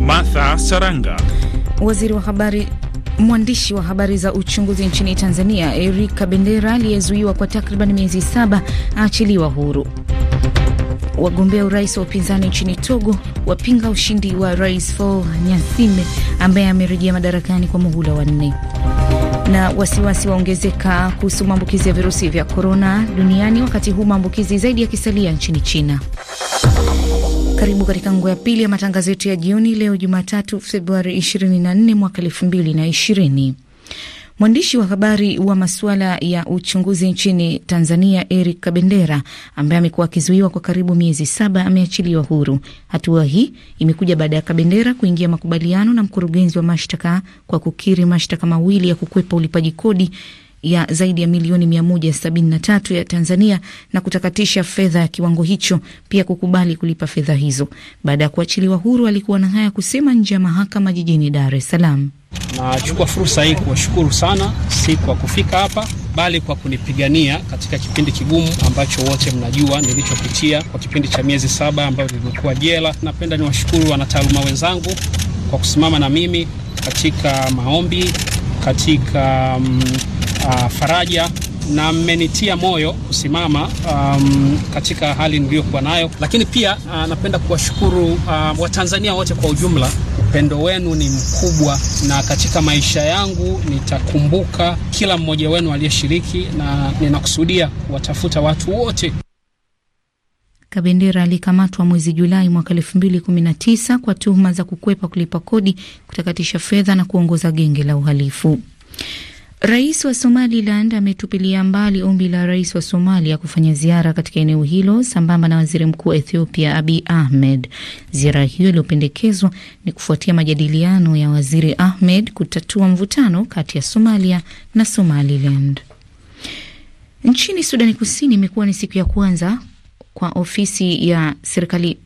Martha Saranga. Waziri wa habari Mwandishi wa habari za uchunguzi nchini Tanzania erika bendera aliyezuiwa kwa takriban miezi saba aachiliwa huru. Wagombea urais wa upinzani nchini Togo wapinga ushindi wa rais Faure nyathime ambaye amerejea madarakani kwa muhula wa nne. Na wasiwasi waongezeka kuhusu maambukizi ya virusi vya korona duniani, wakati huu maambukizi zaidi yakisalia nchini China. Karibu katika nguo ya pili ya matangazo yetu ya jioni leo Jumatatu, Februari 24 mwaka 2020. Mwandishi wa habari wa masuala ya uchunguzi nchini Tanzania Eric Kabendera, ambaye amekuwa akizuiwa kwa karibu miezi saba, ameachiliwa huru. Hatua hii imekuja baada ya Kabendera kuingia makubaliano na mkurugenzi wa mashtaka kwa kukiri mashtaka mawili ya kukwepa ulipaji kodi ya zaidi ya milioni 173 ya Tanzania na kutakatisha fedha ya kiwango hicho, pia kukubali kulipa fedha hizo. Baada ya kuachiliwa huru, alikuwa na haya kusema nje ya mahakama jijini Dar es Salaam. Nachukua fursa hii kuwashukuru sana, si kwa kufika hapa, bali kwa kunipigania katika kipindi kigumu ambacho wote mnajua nilichopitia kwa kipindi cha miezi saba ambayo nilikuwa jela. Napenda niwashukuru wanataaluma wenzangu kwa kusimama na mimi katika maombi katika um, uh, faraja na mmenitia moyo kusimama um, katika hali niliyokuwa nayo, lakini pia uh, napenda kuwashukuru uh, Watanzania wote kwa ujumla. Upendo wenu ni mkubwa, na katika maisha yangu nitakumbuka kila mmoja wenu aliyeshiriki, na ninakusudia kuwatafuta watu wote Kabendera alikamatwa mwezi Julai mwaka elfu mbili kumi na tisa kwa tuhuma za kukwepa kulipa kodi, kutakatisha fedha na kuongoza genge la uhalifu. Rais wa Somaliland ametupilia mbali ombi la rais wa Somalia kufanya ziara katika eneo hilo sambamba na waziri mkuu wa Ethiopia Abiy Ahmed. Ziara hiyo iliyopendekezwa ni kufuatia majadiliano ya waziri Ahmed kutatua mvutano kati ya Somalia na Somaliland. Nchini Sudani Kusini imekuwa ni siku ya kwanza kwa ofisi ya serikali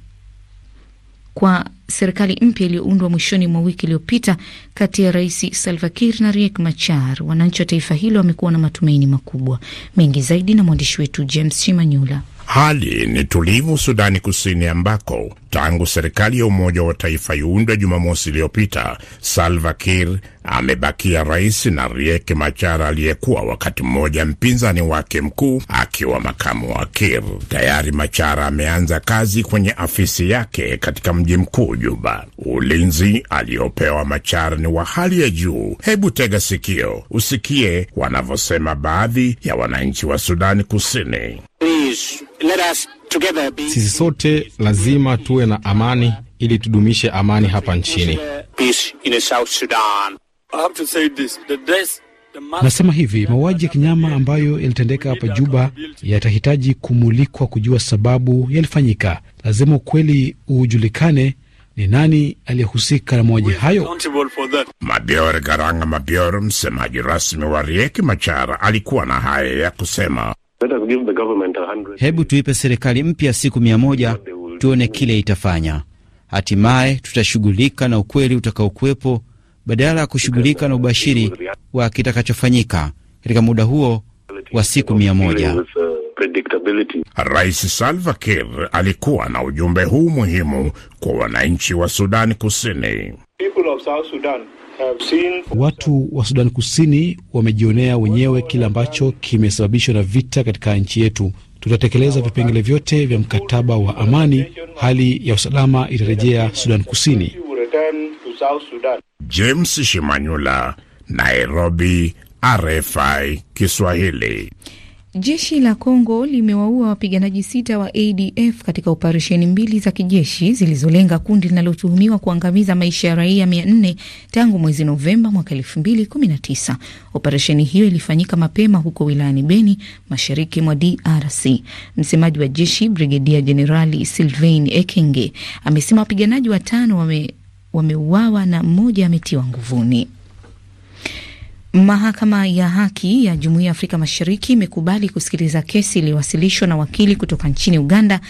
kwa serikali mpya iliyoundwa mwishoni mwa wiki iliyopita kati ya Rais Salva Kiir na Riek Machar. Wananchi wa taifa hilo wamekuwa na matumaini makubwa mengi zaidi. Na mwandishi wetu James Shimanyula. Hali ni tulivu Sudani Kusini ambako tangu serikali ya umoja wa taifa iundwe Jumamosi iliyopita, Salva Kiir amebakia rais na Riek Machar aliyekuwa wakati mmoja mpinzani wake mkuu akiwa makamu wa Kiir. Tayari Machar ameanza kazi kwenye afisi yake katika mji mkuu Juba. Ulinzi aliyopewa Machar ni wa hali ya juu. Hebu tega sikio usikie wanavyosema baadhi ya wananchi wa Sudani Kusini. Sisi sote lazima tuwe na amani ili tudumishe amani hapa nchini. Nasema hivi, mauaji ya kinyama ambayo yalitendeka hapa Juba yatahitaji kumulikwa kujua sababu yalifanyika. Lazima ukweli ujulikane, ni nani aliyehusika na mauaji hayo. Mabior Garanga Mabior, msemaji rasmi wa Rieki Machara, alikuwa na haya ya kusema. Let us give the government Hebu tuipe serikali mpya siku mia moja tuone kile itafanya. Hatimaye tutashughulika na ukweli utakaokuwepo badala ya kushughulika na ubashiri wa kitakachofanyika katika muda huo wa siku mia moja. Rais Salva Kiir alikuwa na ujumbe huu muhimu kwa wananchi wa Sudani Kusini. People of South Sudan. Watu wa sudan Kusini wamejionea wenyewe kile ambacho kimesababishwa na vita katika nchi yetu. Tutatekeleza vipengele vyote vya mkataba wa amani. Hali ya usalama itarejea sudan Kusini. James Shimanyula, Nairobi, RFI Kiswahili. Jeshi la Kongo limewaua wapiganaji sita wa ADF katika operesheni mbili za kijeshi zilizolenga kundi linalotuhumiwa kuangamiza maisha ya raia nne tangu mwezi Novemba mwaka tisa. Operesheni hiyo ilifanyika mapema huko wilayani Beni, mashariki mwa DRC. Msemaji wa jeshi Brigedia Jenerali Sylvain Ekenge amesema wapiganaji watano wameuawa na mmoja ametiwa nguvuni. Mahakama ya Haki ya Jumuiya ya Afrika Mashariki imekubali kusikiliza kesi iliyowasilishwa na wakili kutoka nchini Uganda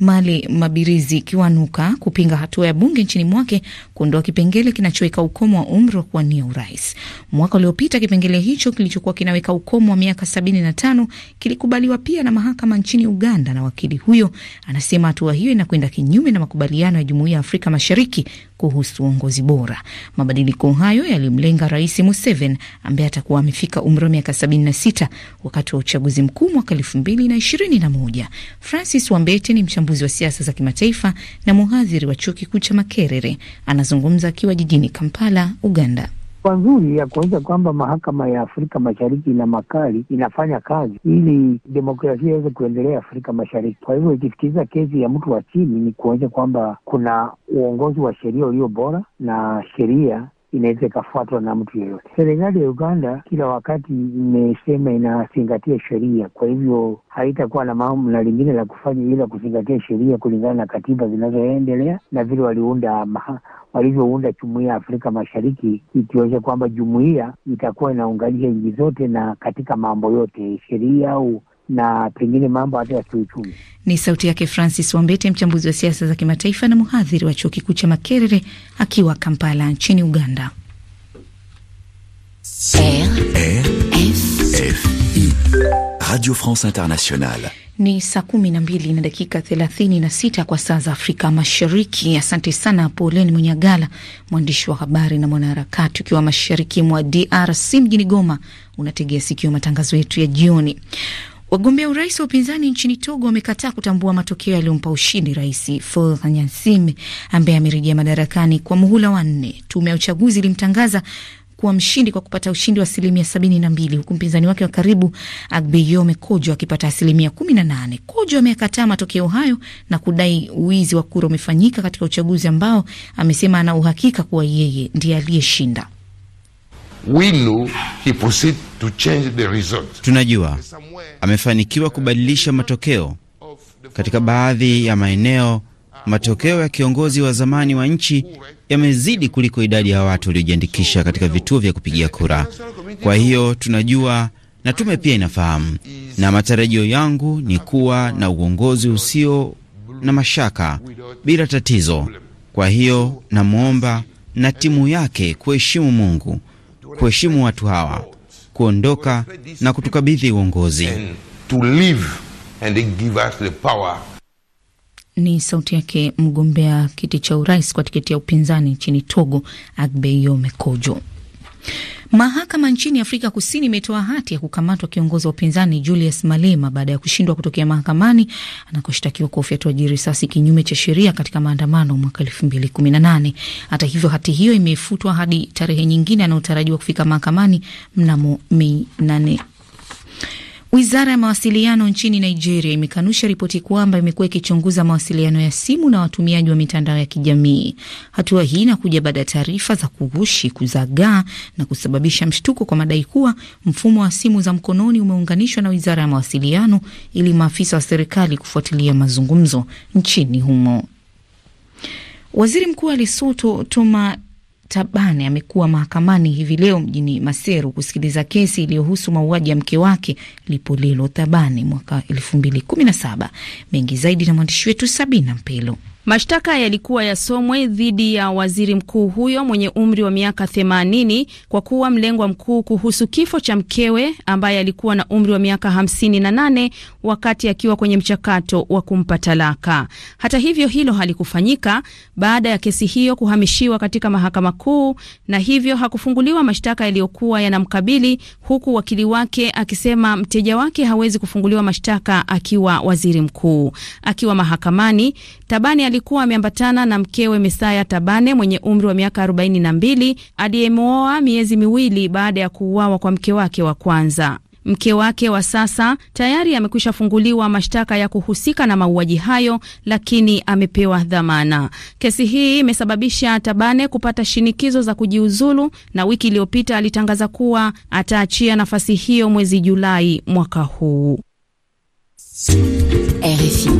Male Mabirizi Kiwanuka kupinga hatua ya bunge nchini mwake kuondoa kipengele kinachoweka ukomo wa umri wa kuwania urais. Mwaka uliopita kipengele hicho kilichokuwa kinaweka ukomo wa miaka 75 kilikubaliwa pia na mahakama nchini Uganda, na wakili huyo anasema hatua hiyo inakwenda kinyume na makubaliano ya Jumuiya ya Afrika Mashariki kuhusu uongozi bora. Mabadiliko hayo yalimlenga Rais Museveni ambaye atakuwa amefika umri wa miaka 76 wakati wa uchaguzi mkuu mwaka 2021. Francis Wambete ni mchambuzi wa siasa za kimataifa na muhadhiri wa chuo kikuu cha Makerere ana anazungumza akiwa jijini Kampala, Uganda kwa nzuri ya kuonyesha kwamba mahakama ya Afrika Mashariki ina makali inafanya kazi ili demokrasia iweze kuendelea Afrika Mashariki. Kwa hivyo ikisikiliza kesi ya mtu wa chini, ni kuonyesha kwamba kuna uongozi wa sheria ulio bora na sheria inaweza ikafuatwa na mtu yeyote. Serikali ya Uganda kila wakati imesema inazingatia sheria, kwa hivyo haitakuwa na mamla lingine la kufanya ila kuzingatia sheria kulingana na katiba zinazoendelea na vile waliunda walivyounda jumuiya ya Afrika Mashariki, ikionyesha kwamba jumuiya itakuwa inaunganisha nchi zote na katika mambo yote sheria au na pengine mambo hata ya kiuchumi. Ni sauti yake Francis Wambete, mchambuzi wa siasa za kimataifa na mhadhiri wa chuo kikuu cha Makerere akiwa Kampala nchini Uganda. Radio France Internationale. Ni saa kumi na mbili na dakika thelathini na sita kwa saa za Afrika Mashariki. Asante sana Pauleni Munyagala, mwandishi wa habari na mwanaharakati, ukiwa mashariki mwa DRC mjini Goma. Unategea sikio matangazo yetu ya jioni. Wagombea urais wa upinzani nchini Togo wamekataa kutambua matokeo yaliyompa ushindi Rais Faure Gnassingbe ambaye amerejea madarakani kwa muhula wa nne. Tume ya uchaguzi ilimtangaza kuwa mshindi kwa kupata ushindi wa asilimia sabini na mbili huku mpinzani wake wa karibu Agbeyome Kojo akipata asilimia kumi na nane. Kojo ameyakataa matokeo hayo na kudai uwizi wa kura umefanyika katika uchaguzi ambao amesema ana uhakika kuwa yeye ndiye aliyeshinda know he proceed to change the result. Tunajua amefanikiwa kubadilisha matokeo katika baadhi ya maeneo. Matokeo ya kiongozi wa zamani wa nchi yamezidi kuliko idadi ya watu waliojiandikisha katika vituo vya kupigia kura. Kwa hiyo tunajua na tume pia inafahamu, na matarajio yangu ni kuwa na uongozi usio na mashaka, bila tatizo. Kwa hiyo namwomba na timu yake kuheshimu Mungu kuheshimu watu hawa, kuondoka na kutukabidhi uongozi. Ni sauti yake mgombea kiti cha urais kwa tiketi ya upinzani nchini Togo, Agbeyo Mekojo. Mahakama nchini Afrika Kusini imetoa hati ya kukamatwa kiongozi wa upinzani Julius Malema baada ya kushindwa kutokea mahakamani anakoshtakiwa kwa ufyatuaji risasi kinyume cha sheria katika maandamano mwaka nane. Hata hivyo, hati hiyo imefutwa hadi tarehe nyingine anayotarajiwa kufika mahakamani mnamo Mei nane Wizara ya mawasiliano nchini Nigeria imekanusha ripoti kwamba imekuwa ikichunguza mawasiliano ya simu na watumiaji wa mitandao ya kijamii. Hatua hii inakuja baada ya taarifa za kughushi, kuzagaa na kusababisha mshtuko kwa madai kuwa mfumo wa simu za mkononi umeunganishwa na wizara ya mawasiliano ili maafisa wa serikali kufuatilia mazungumzo nchini humo. Waziri Mkuu wa Lesoto Toma Tabane amekuwa mahakamani hivi leo mjini Maseru kusikiliza kesi iliyohusu mauaji ya mke wake Lipolelo Tabane mwaka 2017. Mengi zaidi na mwandishi wetu Sabina Mpelo. Mashtaka yalikuwa yasomwe dhidi ya waziri mkuu huyo mwenye umri wa miaka 80 kwa kuwa mlengwa mkuu kuhusu kifo cha mkewe ambaye alikuwa na umri wa miaka 58 wakati akiwa kwenye mchakato wa kumpa talaka. Hata hivyo, hilo halikufanyika baada ya kesi hiyo kuhamishiwa katika mahakama kuu, na hivyo hakufunguliwa mashtaka yaliyokuwa yanamkabili, huku wakili wake akisema mteja wake hawezi kufunguliwa mashtaka akiwa waziri mkuu. Akiwa mahakamani Tabani alikuwa ameambatana na mkewe Mesaya Tabane mwenye umri wa miaka 42 aliyemwoa miezi miwili baada ya kuuawa kwa mke wake wa kwanza. Mke wake wa sasa tayari amekwisha funguliwa mashtaka ya kuhusika na mauaji hayo, lakini amepewa dhamana. Kesi hii imesababisha Tabane kupata shinikizo za kujiuzulu, na wiki iliyopita alitangaza kuwa ataachia nafasi hiyo mwezi Julai mwaka huu. RFI.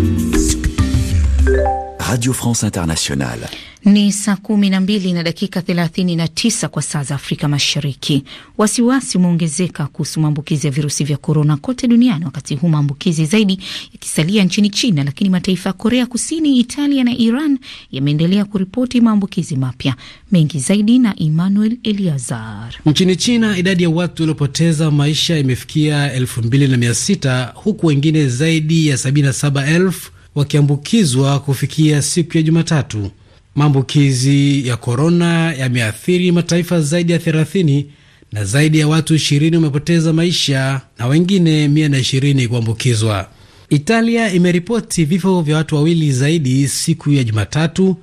Radio France Internationale. Ni saa kumi na mbili na dakika thelathini na tisa kwa saa za Afrika Mashariki. Wasiwasi umeongezeka kuhusu maambukizi ya virusi vya korona kote duniani, wakati huu maambukizi zaidi yakisalia nchini China, lakini mataifa ya Korea Kusini, Italia na Iran yameendelea kuripoti maambukizi mapya mengi zaidi. na Emmanuel Eliazar. Nchini China, idadi ya watu waliopoteza maisha imefikia elfu mbili na mia sita huku wengine zaidi ya sabini na saba elfu wakiambukizwa kufikia siku ya Jumatatu. Maambukizi ya korona yameathiri mataifa zaidi ya 30 na zaidi ya watu 20 wamepoteza maisha na wengine 120 kuambukizwa. Italia imeripoti vifo vya watu wawili zaidi siku ya Jumatatu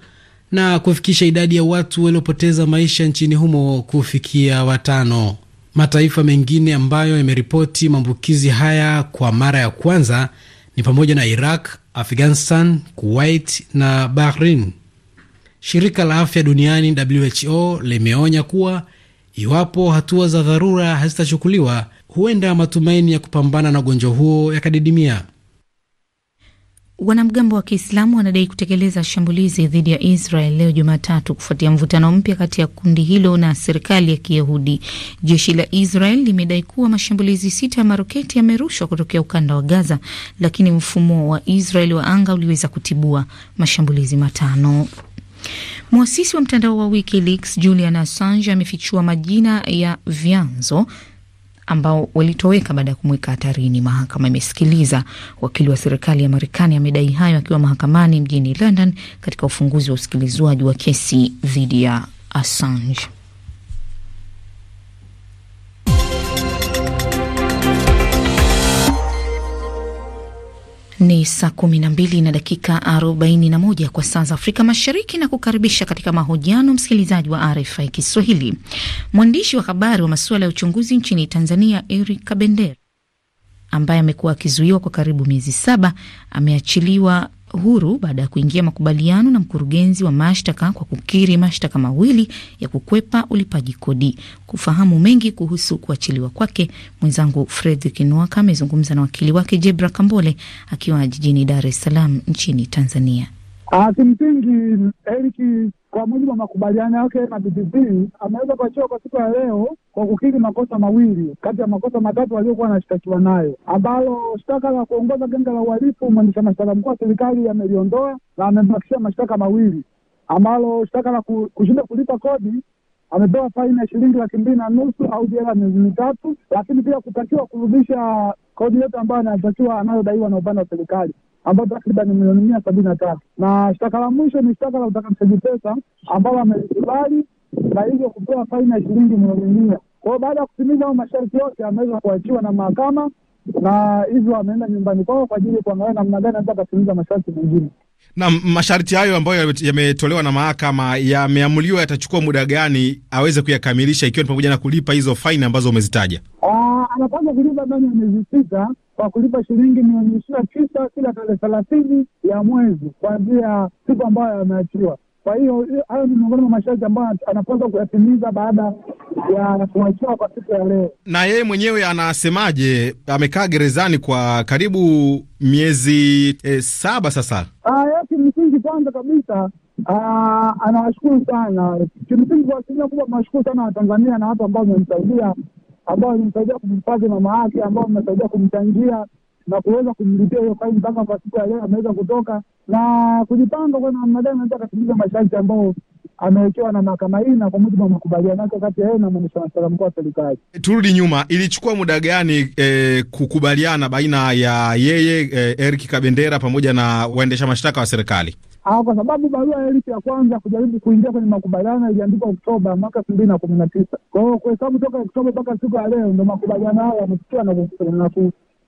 na kufikisha idadi ya watu waliopoteza maisha nchini humo kufikia watano. Mataifa mengine ambayo yameripoti maambukizi haya kwa mara ya kwanza ni pamoja na Iraq Afghanistan, Kuwait na Bahrain. Shirika la afya duniani WHO limeonya kuwa iwapo hatua za dharura hazitachukuliwa, huenda matumaini ya kupambana na ugonjwa huo yakadidimia. Wanamgambo wa Kiislamu wanadai kutekeleza shambulizi dhidi ya Israel leo Jumatatu kufuatia mvutano mpya kati ya kundi hilo na serikali ya Kiyahudi. Jeshi la Israel limedai kuwa mashambulizi sita ya maroketi yamerushwa kutokea ukanda wa Gaza, lakini mfumo wa Israel wa anga uliweza kutibua mashambulizi matano. Mwasisi wa mtandao wa WikiLeaks Julian Assange amefichua majina ya vyanzo ambao walitoweka baada ya kumweka hatarini. Mahakama imesikiliza. Wakili wa serikali ya Marekani amedai hayo akiwa mahakamani mjini London katika ufunguzi wa usikilizwaji wa kesi dhidi ya Assange. Ni saa 12 na dakika 41 kwa saa za Afrika Mashariki, na kukaribisha katika mahojiano msikilizaji wa RFI Kiswahili. Mwandishi wa habari wa masuala ya uchunguzi nchini Tanzania, Eric kabender ambaye amekuwa akizuiwa kwa karibu miezi saba, ameachiliwa huru baada ya kuingia makubaliano na mkurugenzi wa mashtaka kwa kukiri mashtaka mawili ya kukwepa ulipaji kodi. Kufahamu mengi kuhusu kuachiliwa kwake, mwenzangu Fredrik Nwaka amezungumza na wakili wake Jebra Kambole akiwa jijini Dar es Salaam nchini Tanzania. Ah, kimsingi Eriki kwa mujibu wa makubaliano yake na BBB ameweza kuachiwa kwa siku ya leo kwa kukiri makosa mawili kati ya makosa matatu aliyokuwa anashtakiwa nayo, ambalo shtaka la kuongoza genge la uhalifu mwendesha mashtaka mkuu wa serikali ameliondoa na amembakishia mashtaka mawili, ambalo shtaka la kushinda kulipa kodi amepewa faini ya shilingi laki mbili na nusu au jela miezi mitatu, lakini pia kutakiwa kurudisha kodi yote ambayo anatakiwa anayodaiwa na upande wa serikali ambayo takriban milioni mia sabini na tatu na shtaka la mwisho ni shtaka la utakatishaji pesa ambalo amelikubali na hivyo kupewa faini ya shilingi milioni mia. kwao. baada ya kutimiza masharti yote ameweza kuachiwa na mahakama na hivyo ameenda nyumbani kwao kwa ajili ya kuangalia namna gani anaweza akatimiza masharti mengine. Na masharti hayo ambayo yametolewa na mahakama yameamuliwa yatachukua muda gani aweze kuyakamilisha, ikiwa ni pamoja na kulipa hizo faini ambazo umezitaja? Ah, Anapaswa kulipa ndani ya miezi sita kwa kulipa shilingi milioni ishirini na tisa kila tarehe thelathini ya mwezi kuanzia siku ambayo ameachiwa. Kwa hiyo hayo ni miongoni mwa masharti ambayo anapaswa kuyatimiza baada ya kuachiwa kwa siku ya leo. Na yeye mwenyewe anasemaje? Amekaa gerezani kwa karibu miezi eh, saba sasa. Ah, kimsingi, kwanza kabisa ah, anawashukuru sana, kimsingi kwa asilimia kubwa anawashukuru sana Watanzania na watu ambao wamemsaidia, ambao walimsaidia kumhifadhi mama yake, ambao wamesaidia kumchangia na kuweza kumlipia hiyo faini mpaka kwa siku ya leo ameweza kutoka na kujipanga kwa namna gani anaweza akatimiza masharti ambayo amewekewa na mahakama hii na kwa mujibu wa makubaliano yake kati ya yeye na mwendesha mashtaka mkuu wa serikali. Eh, turudi nyuma, ilichukua muda gani e, kukubaliana baina ya yeye e, Eric Kabendera pamoja na waendesha mashtaka wa serikali? Ah, kwa sababu barua ya Eric ya kwanza kujaribu kuingia kwenye makubaliano iliandikwa Oktoba mwaka elfu mbili na kumi na tisa. Kwa hiyo kuhesabu toka Oktoba mpaka siku ya leo ndo makubaliano hayo yamefikiwa na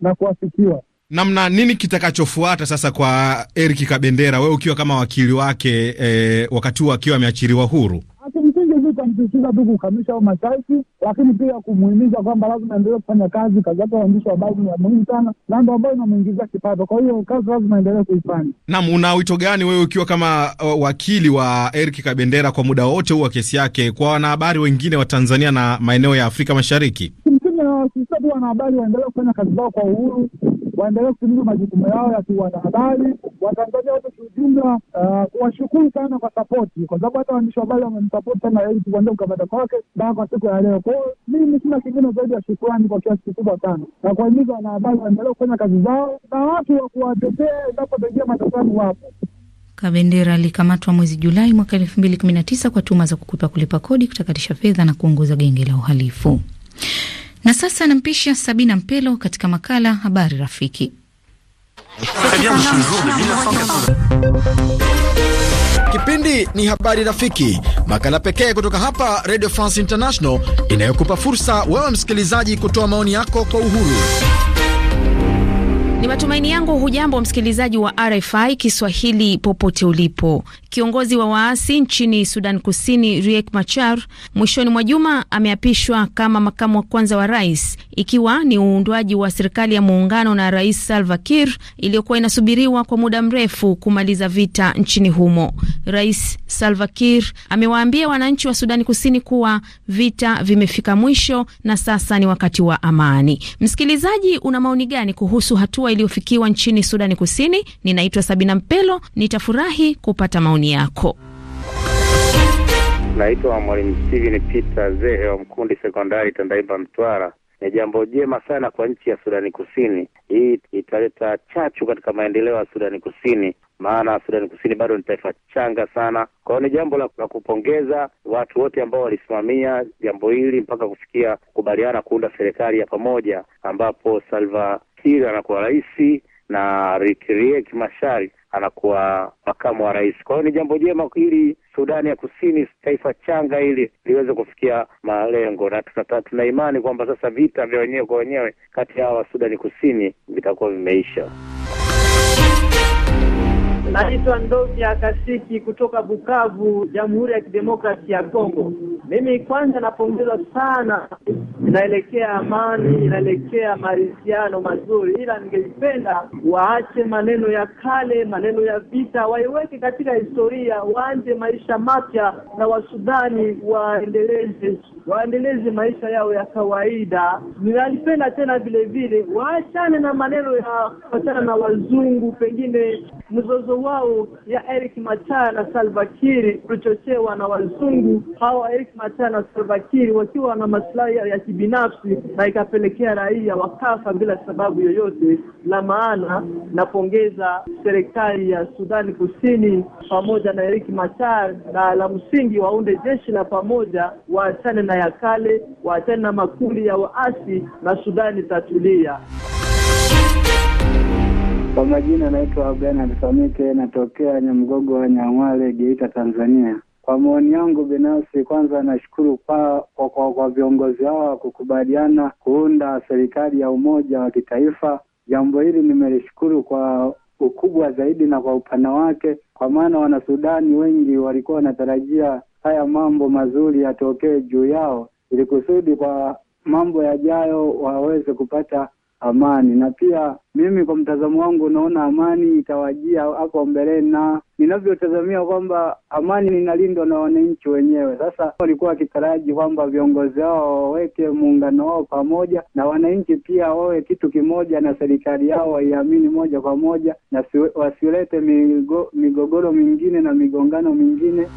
na kuafikiwa namna nini kitakachofuata sasa kwa Eric Kabendera, wewe ukiwa kama wakili wake e, wakati huu akiwa ameachiriwa huru? Kimsingi mi tamsisitiza tu kukamisha hayo masharti, lakini pia kumuhimiza kwamba lazima endelee kufanya kazi. Kazi yake waandishi wa habari ni ya muhimu sana na ndo ambayo inamwingizia kipato, kwa hiyo kazi lazima endelee kuifanya. Naam, una wito gani wewe ukiwa kama wakili wa Eric Kabendera kwa muda wote huu wa kesi yake kwa wanahabari wengine wa Tanzania na maeneo ya Afrika Mashariki? Lakini wasisitiza uh, tu wanahabari waendelee kufanya kazi zao kwa uhuru, waendelee kutimiza majukumu yao ya kiwanahabari. Watanzania wote kiujumla, uh, kuwashukuru sana kwa sapoti, kwa sababu hata waandishi wa habari wamemsapoti sana ili kuanzia kukamata kwake mpaka kwa siku ya leo. Kwa hiyo mimi sina kingine zaidi ya shukurani kwa kiasi kikubwa sana, na kuwahimiza wanahabari waendelee kufanya kazi zao na watu wa kuwatetea endapo inapotegea matatani wapo Kabendera alikamatwa mwezi Julai mwaka elfu mbili kumi na tisa kwa tuhuma za kukwepa kulipa kodi, kutakatisha fedha na kuongoza genge la uhalifu. Na sasa nampisha Sabina Mpelo katika makala Habari Rafiki. Kipindi ni Habari Rafiki, makala pekee kutoka hapa Radio France International inayokupa fursa wewe msikilizaji kutoa maoni yako kwa uhuru. Ni matumaini yangu hujambo msikilizaji wa RFI Kiswahili popote ulipo. Kiongozi wa waasi nchini Sudan Kusini Riek Machar mwishoni mwa juma ameapishwa kama makamu wa kwanza wa rais, ikiwa ni uundwaji wa serikali ya muungano na Rais Salva Kiir iliyokuwa inasubiriwa kwa muda mrefu kumaliza vita nchini humo. Rais Salva Kiir amewaambia wananchi wa Sudani Kusini kuwa vita vimefika mwisho na sasa ni wakati wa amani. Msikilizaji, una maoni gani kuhusu hatua iliyofikiwa nchini Sudani Kusini. Ninaitwa Sabina Mpelo, nitafurahi kupata maoni yako. Naitwa Mwalimu Steven Peter Zehe wa Mkundi Sekondari, tandaimba Mtwara. Ni jambo jema sana kwa nchi ya Sudani Kusini. Hii italeta chachu katika maendeleo ya Sudani Kusini, maana Sudani Kusini bado ni taifa changa sana. Kwa hiyo ni jambo la, la kupongeza watu wote ambao walisimamia jambo hili mpaka kufikia kukubaliana kuunda serikali ya pamoja ambapo Salva Siri anakuwa rais na Riek mashari anakuwa makamu wa rais. Kwa hiyo ni jambo jema ili Sudani ya Kusini, taifa changa ili liweze kufikia malengo, na tuna, tuna imani kwamba sasa vita vya wenyewe kwa wenyewe kati ya wa Sudani Kusini vitakuwa vimeisha. Naitwa Ndovya Kasiki kutoka Bukavu, Jamhuri ya Kidemokrasia ya Kongo. Mimi kwanza napongeza sana naelekea amani, inaelekea maridhiano mazuri, ila ningeipenda waache maneno ya kale, maneno ya vita, waiweke katika historia, waanze maisha mapya na Wasudani waendeleze waendeleze maisha yao ya kawaida. Ninalipenda tena vile vile waachane na maneno ya kupatana na wazungu, pengine mzozo wao ya Eric Machar na Salva Kiir kuchochewa na wazungu hawa, Eric Machar na Salva Kiir wakiwa na maslahi ya kibi binafsi na ikapelekea raia wakafa bila sababu yoyote. La maana napongeza serikali ya Sudani Kusini pamoja na Riek Machar, na la msingi waunde jeshi la pamoja, waachane na ya kale, waachane na makundi ya waasi na Sudani itatulia. Kwa majina anaitwa Abena Alisamike, natokea Nyamgogo wa Nyang'wale, Geita, Tanzania. Kwa maoni yangu binafsi, kwanza nashukuru kwa, kwa, kwa, kwa viongozi hawa kukubaliana kuunda serikali ya umoja wa kitaifa. Jambo hili nimelishukuru kwa ukubwa zaidi na kwa upana wake, kwa maana Wanasudani wengi walikuwa wanatarajia haya mambo mazuri yatokee juu yao, ili kusudi kwa mambo yajayo waweze kupata amani, na pia mimi kwa mtazamo wangu naona amani itawajia hapo mbeleni, na ninavyotazamia kwamba amani inalindwa na wananchi wenyewe. Sasa walikuwa wakitaraji kwamba viongozi wao waweke muungano wao pamoja na wananchi pia wawe kitu kimoja, na serikali yao waiamini moja kwa moja, na wasilete migo, migogoro mingine na migongano mingine.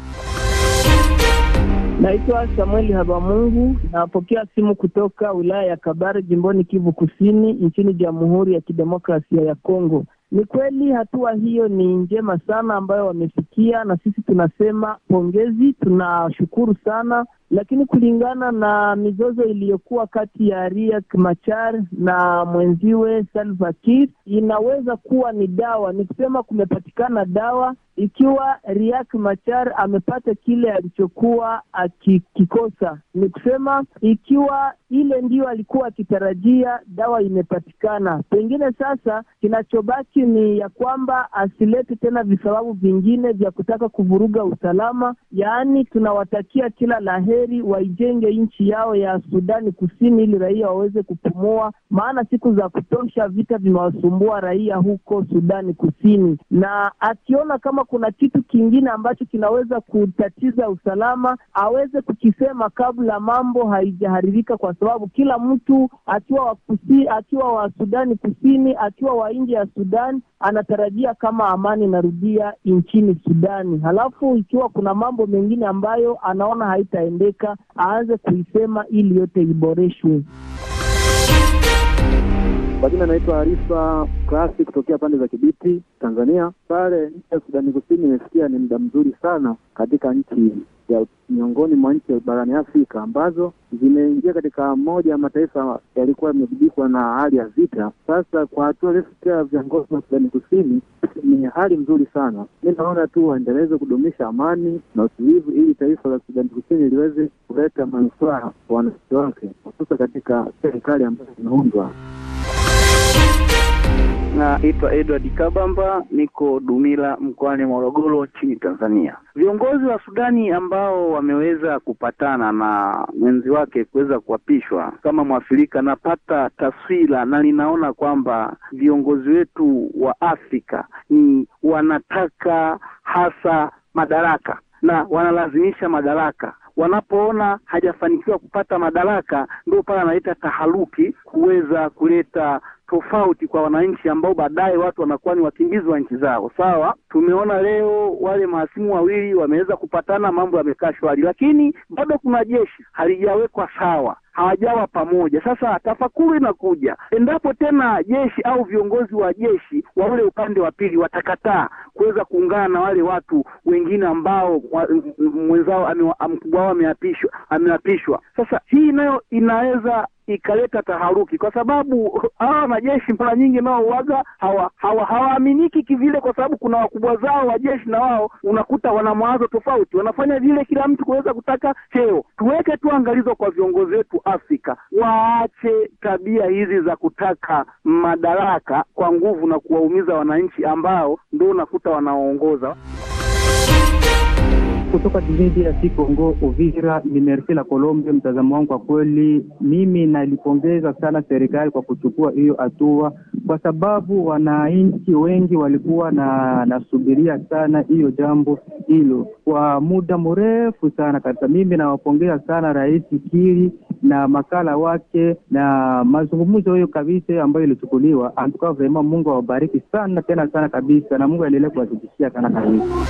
Naitwa Samueli Habamungu, napokea simu kutoka wilaya ya Kabare, jimboni Kivu Kusini, nchini Jamhuri ya Kidemokrasia ya Kongo. Ni kweli hatua hiyo ni njema sana ambayo wamefikia, na sisi tunasema pongezi, tunashukuru sana lakini kulingana na mizozo iliyokuwa kati ya Riek Machar na mwenziwe Salva Kiir, inaweza kuwa ni dawa, ni kusema kumepatikana dawa ikiwa riak Machar amepata kile alichokuwa akikikosa. Ni kusema ikiwa ile ndio alikuwa akitarajia, dawa imepatikana. Pengine sasa kinachobaki ni ya kwamba asilete tena visababu vingine vya kutaka kuvuruga usalama. Yaani, tunawatakia kila laheri, waijenge nchi yao ya Sudani Kusini ili raia waweze kupumua, maana siku za kutosha vita vimewasumbua raia huko Sudani Kusini, na akiona kama kuna kitu kingine ambacho kinaweza kutatiza usalama, aweze kukisema kabla mambo haijaharirika kwa sababu kila mtu akiwa wa kusi, akiwa wa Sudani Kusini, akiwa wa nje ya Sudani anatarajia kama amani inarudia nchini Sudani. Halafu ikiwa kuna mambo mengine ambayo anaona haitaendeka, aanze kuisema ili yote iboreshwe. Kwa jina naitwa Arifa Klasi kutokea pande za Kibiti, Tanzania. Pale nchi ya Sudani Kusini imefikia ni muda mzuri sana katika nchi ya miongoni mwa nchi barani Afrika ambazo zimeingia katika moja ya mataifa yalikuwa yamegubikwa na hali ya vita. Sasa kwa hatua aliyofikia viongozi wa Sudani Kusini ni hali nzuri sana. Mi naona tu waendeleze kudumisha amani na utulivu, ili taifa la Sudani Kusini liweze kuleta manufaa kwa wananchi wake, hususa katika serikali ambayo imeundwa. Naitwa Edward Kabamba, niko Dumila mkoani Morogoro nchini Tanzania. Viongozi wa Sudani ambao wameweza kupatana na mwenzi wake kuweza kuapishwa, kama Mwafrika napata taswira na ninaona kwamba viongozi wetu wa Afrika ni wanataka hasa madaraka na wanalazimisha madaraka wanapoona hajafanikiwa kupata madaraka, ndio pale analeta taharuki kuweza kuleta tofauti kwa wananchi ambao baadaye watu wanakuwa ni wakimbizi wa nchi zao. Sawa, tumeona leo wale mahasimu wawili wameweza kupatana, mambo yamekaa shwari, lakini bado kuna jeshi halijawekwa sawa hawajawa pamoja. Sasa tafakuru inakuja endapo tena jeshi au viongozi wa jeshi wa ule upande wa pili watakataa kuweza kuungana na wale watu wengine ambao mwenzao mkubwa wao ameapishwa ameapishwa. Sasa hii nayo inaweza ikaleta taharuki, kwa sababu hawa wanajeshi mara nyingi nao waga hawa hawaaminiki hawa kivile, kwa sababu kuna wakubwa zao wa jeshi na wao unakuta wana mawazo tofauti, wanafanya vile kila mtu kuweza kutaka cheo. Tuweke tu angalizo kwa viongozi wetu Afrika, waache tabia hizi za kutaka madaraka kwa nguvu na kuwaumiza wananchi ambao ndio unakuta wanaoongoza kutoka jijini DRC Congo, Uvira, ni Merci la Colombia. Mtazamo wangu kwa kweli, mimi nalipongeza sana serikali kwa kuchukua hiyo hatua, kwa sababu wananchi wengi walikuwa na nasubiria sana hiyo jambo hilo kwa muda mrefu sana kabisa. Mimi nawapongeza sana Rais Kiri na makala wake na mazungumzo hiyo kabisa ambayo ilichukuliwa antukaa vrema. Mungu awabariki sana tena sana kabisa, na Mungu aendelee kuwazidishia sana kabisa.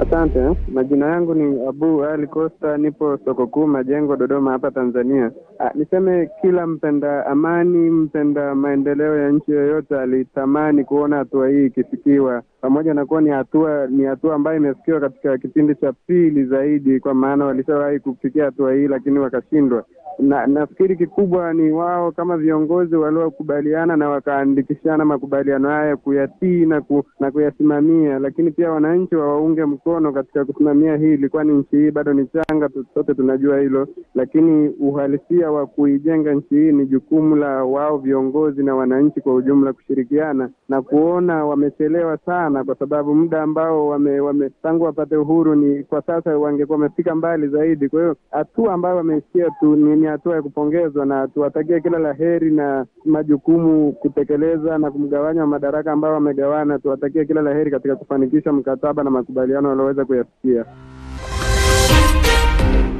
Asante. Eh. Majina yangu ni Abu Ali Costa, nipo soko kuu Majengo, Dodoma hapa Tanzania. A, ah, niseme kila mpenda amani, mpenda maendeleo ya nchi yoyote alitamani kuona hatua hii ikifikiwa, pamoja na kuwa ni hatua ni hatua ambayo imefikiwa katika kipindi cha pili zaidi, kwa maana walishawahi kufikia hatua hii lakini wakashindwa na nafikiri kikubwa ni wao kama viongozi waliokubaliana na wakaandikishana makubaliano haya kuyatii na, ku, na kuyasimamia, lakini pia wananchi wawaunge mkono katika kusimamia hili, kwani nchi hii bado ni changa, sote tunajua hilo, lakini uhalisia wa kuijenga nchi hii ni jukumu la wao viongozi na wananchi kwa ujumla kushirikiana na kuona wamechelewa sana, kwa sababu muda ambao wame, wame tangu wapate uhuru ni kwa sasa wangekuwa wamefika mbali zaidi. Kwa hiyo hatua ambayo wameisikia tu ni hatua ya kupongezwa, na tuwatakie kila la heri na majukumu kutekeleza na kumgawanya madaraka ambayo wamegawana. Tuwatakie kila la heri katika kufanikisha mkataba na makubaliano walioweza kuyafikia.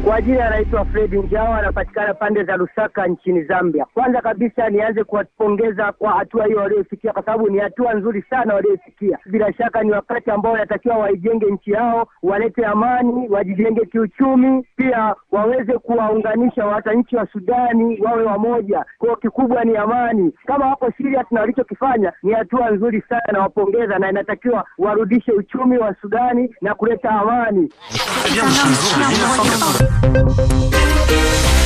Kwa jina anaitwa Fredi Njawa, anapatikana pande za Lusaka nchini Zambia. Kwanza kabisa nianze kuwapongeza kwa hatua hiyo waliofikia kwa sababu ni hatua nzuri sana walioifikia. Bila shaka ni wakati ambao wanatakiwa waijenge nchi yao, walete amani, wajijenge kiuchumi, pia waweze kuwaunganisha wananchi wa Sudani wawe wamoja. Kwao kikubwa ni amani. Kama wako Siria na walichokifanya ni hatua nzuri sana, nawapongeza na inatakiwa warudishe uchumi wa Sudani na kuleta amani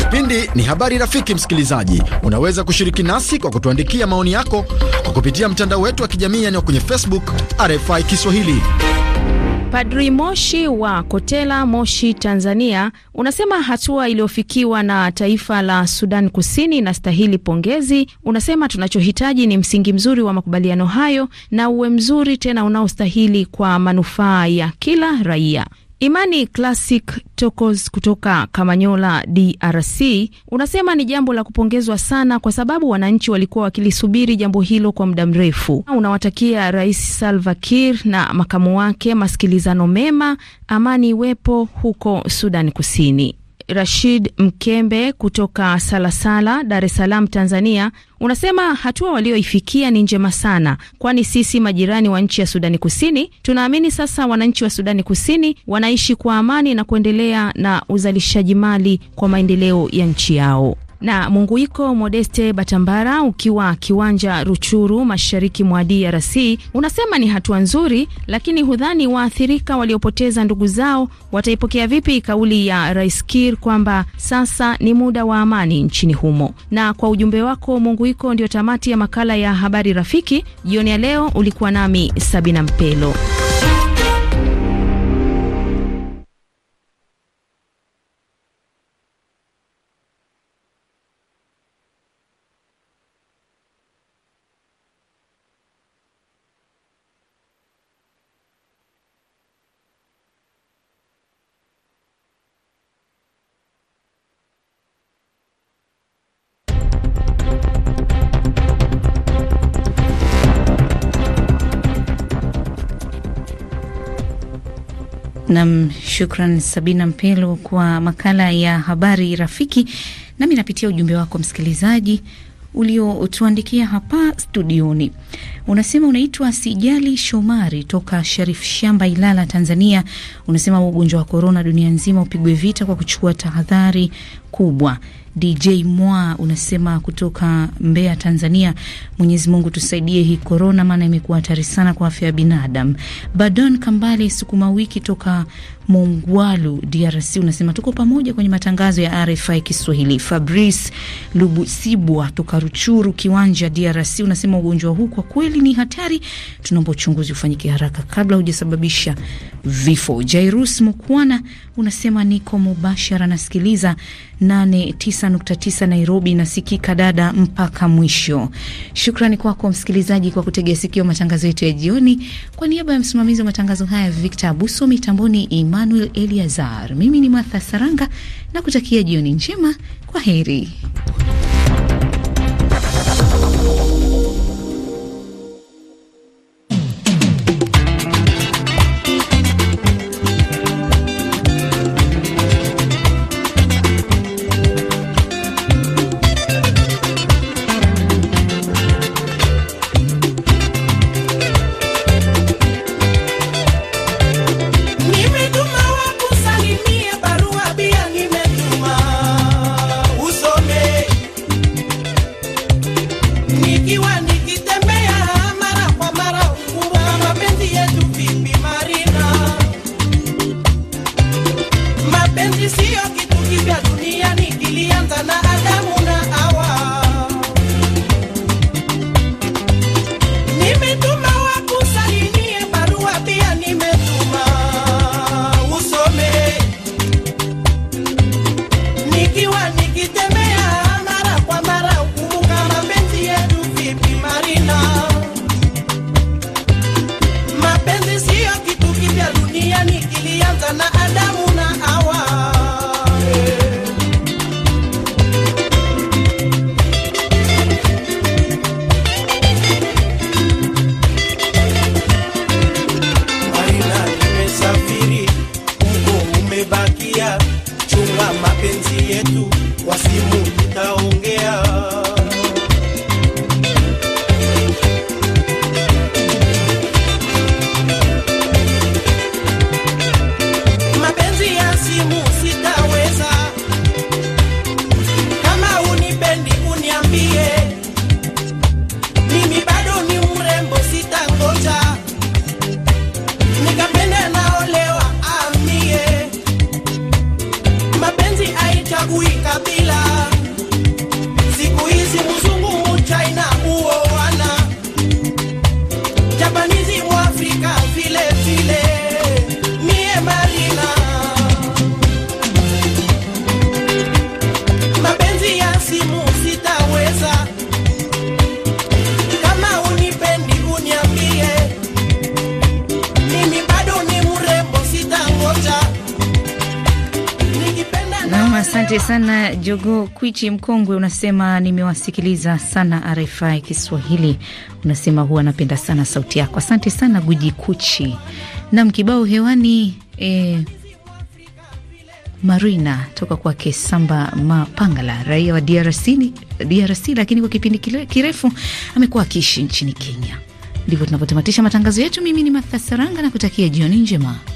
Kipindi ni habari rafiki. Msikilizaji, unaweza kushiriki nasi kwa kutuandikia maoni yako kwa kupitia mtandao wetu wa kijamii yani kwenye Facebook RFI Kiswahili. Padri Moshi wa Kotela, Moshi, Tanzania, unasema hatua iliyofikiwa na taifa la Sudan Kusini inastahili pongezi. Unasema tunachohitaji ni msingi mzuri wa makubaliano hayo na uwe mzuri tena unaostahili kwa manufaa ya kila raia. Imani Classic Tokos kutoka Kamanyola, DRC, unasema ni jambo la kupongezwa sana kwa sababu wananchi walikuwa wakilisubiri jambo hilo kwa muda mrefu. Unawatakia Rais Salva Kiir na makamu wake masikilizano mema, amani iwepo huko sudani Kusini. Rashid Mkembe kutoka Salasala, Dar es Salaam, Tanzania, unasema hatua walioifikia ni njema sana, kwani sisi majirani wa nchi ya Sudani Kusini tunaamini sasa wananchi wa Sudani Kusini wanaishi kwa amani na kuendelea na uzalishaji mali kwa maendeleo ya nchi yao na Munguiko Modeste Batambara, ukiwa kiwanja Ruchuru, mashariki mwa DRC, unasema ni hatua nzuri, lakini hudhani waathirika waliopoteza ndugu zao wataipokea vipi kauli ya Rais Kir kwamba sasa ni muda wa amani nchini humo. Na kwa ujumbe wako Munguiko, ndio tamati ya makala ya habari rafiki jioni ya leo. Ulikuwa nami Sabina Mpelo. Nam, shukran Sabina Mpelo kwa makala ya habari rafiki. Nami napitia ujumbe wako msikilizaji uliotuandikia hapa studioni. Unasema unaitwa Sijali Shomari toka Sharif Shamba, Ilala, Tanzania. Unasema ugonjwa wa korona dunia nzima upigwe vita kwa kuchukua tahadhari kubwa. DJ Mwa unasema kutoka Mbeya, Tanzania, Mwenyezi Mungu tusaidie hii korona, maana imekuwa hatari sana kwa afya ya binadam Badon Kambale sukuma wiki toka Mongwalu, DRC, unasema tuko pamoja kwenye matangazo ya RFI Kiswahili. Fabrice Lubusibwa toka Ruchuru Kiwanja, DRC, unasema ugonjwa huu kwa kweli ni hatari, tunaomba uchunguzi ufanyike haraka kabla hujasababisha vifo. Jairus Mukwana unasema niko mubashara nasikiliza 89.9 Nairobi inasikika dada mpaka mwisho. Shukrani kwako msikilizaji kwa kutegea sikio matangazo yetu ya jioni. Kwa niaba ya msimamizi wa matangazo haya Victor Abuso, mitamboni Emmanuel Eliazar, mimi ni Martha Saranga na kutakia jioni njema. Kwa heri. Jogo Kwichi mkongwe unasema nimewasikiliza sana RFI Kiswahili, unasema huwa anapenda sana sauti yako. Asante sana Guji Kuchi na mkibao hewani e, Marina toka kwake Samba Mapangala, raia wa DRC, DRC lakini kwa kipindi kirefu amekuwa akiishi nchini Kenya. Ndivyo tunavyotamatisha matangazo yetu. Mimi ni Matha Saranga na kutakia jioni njema.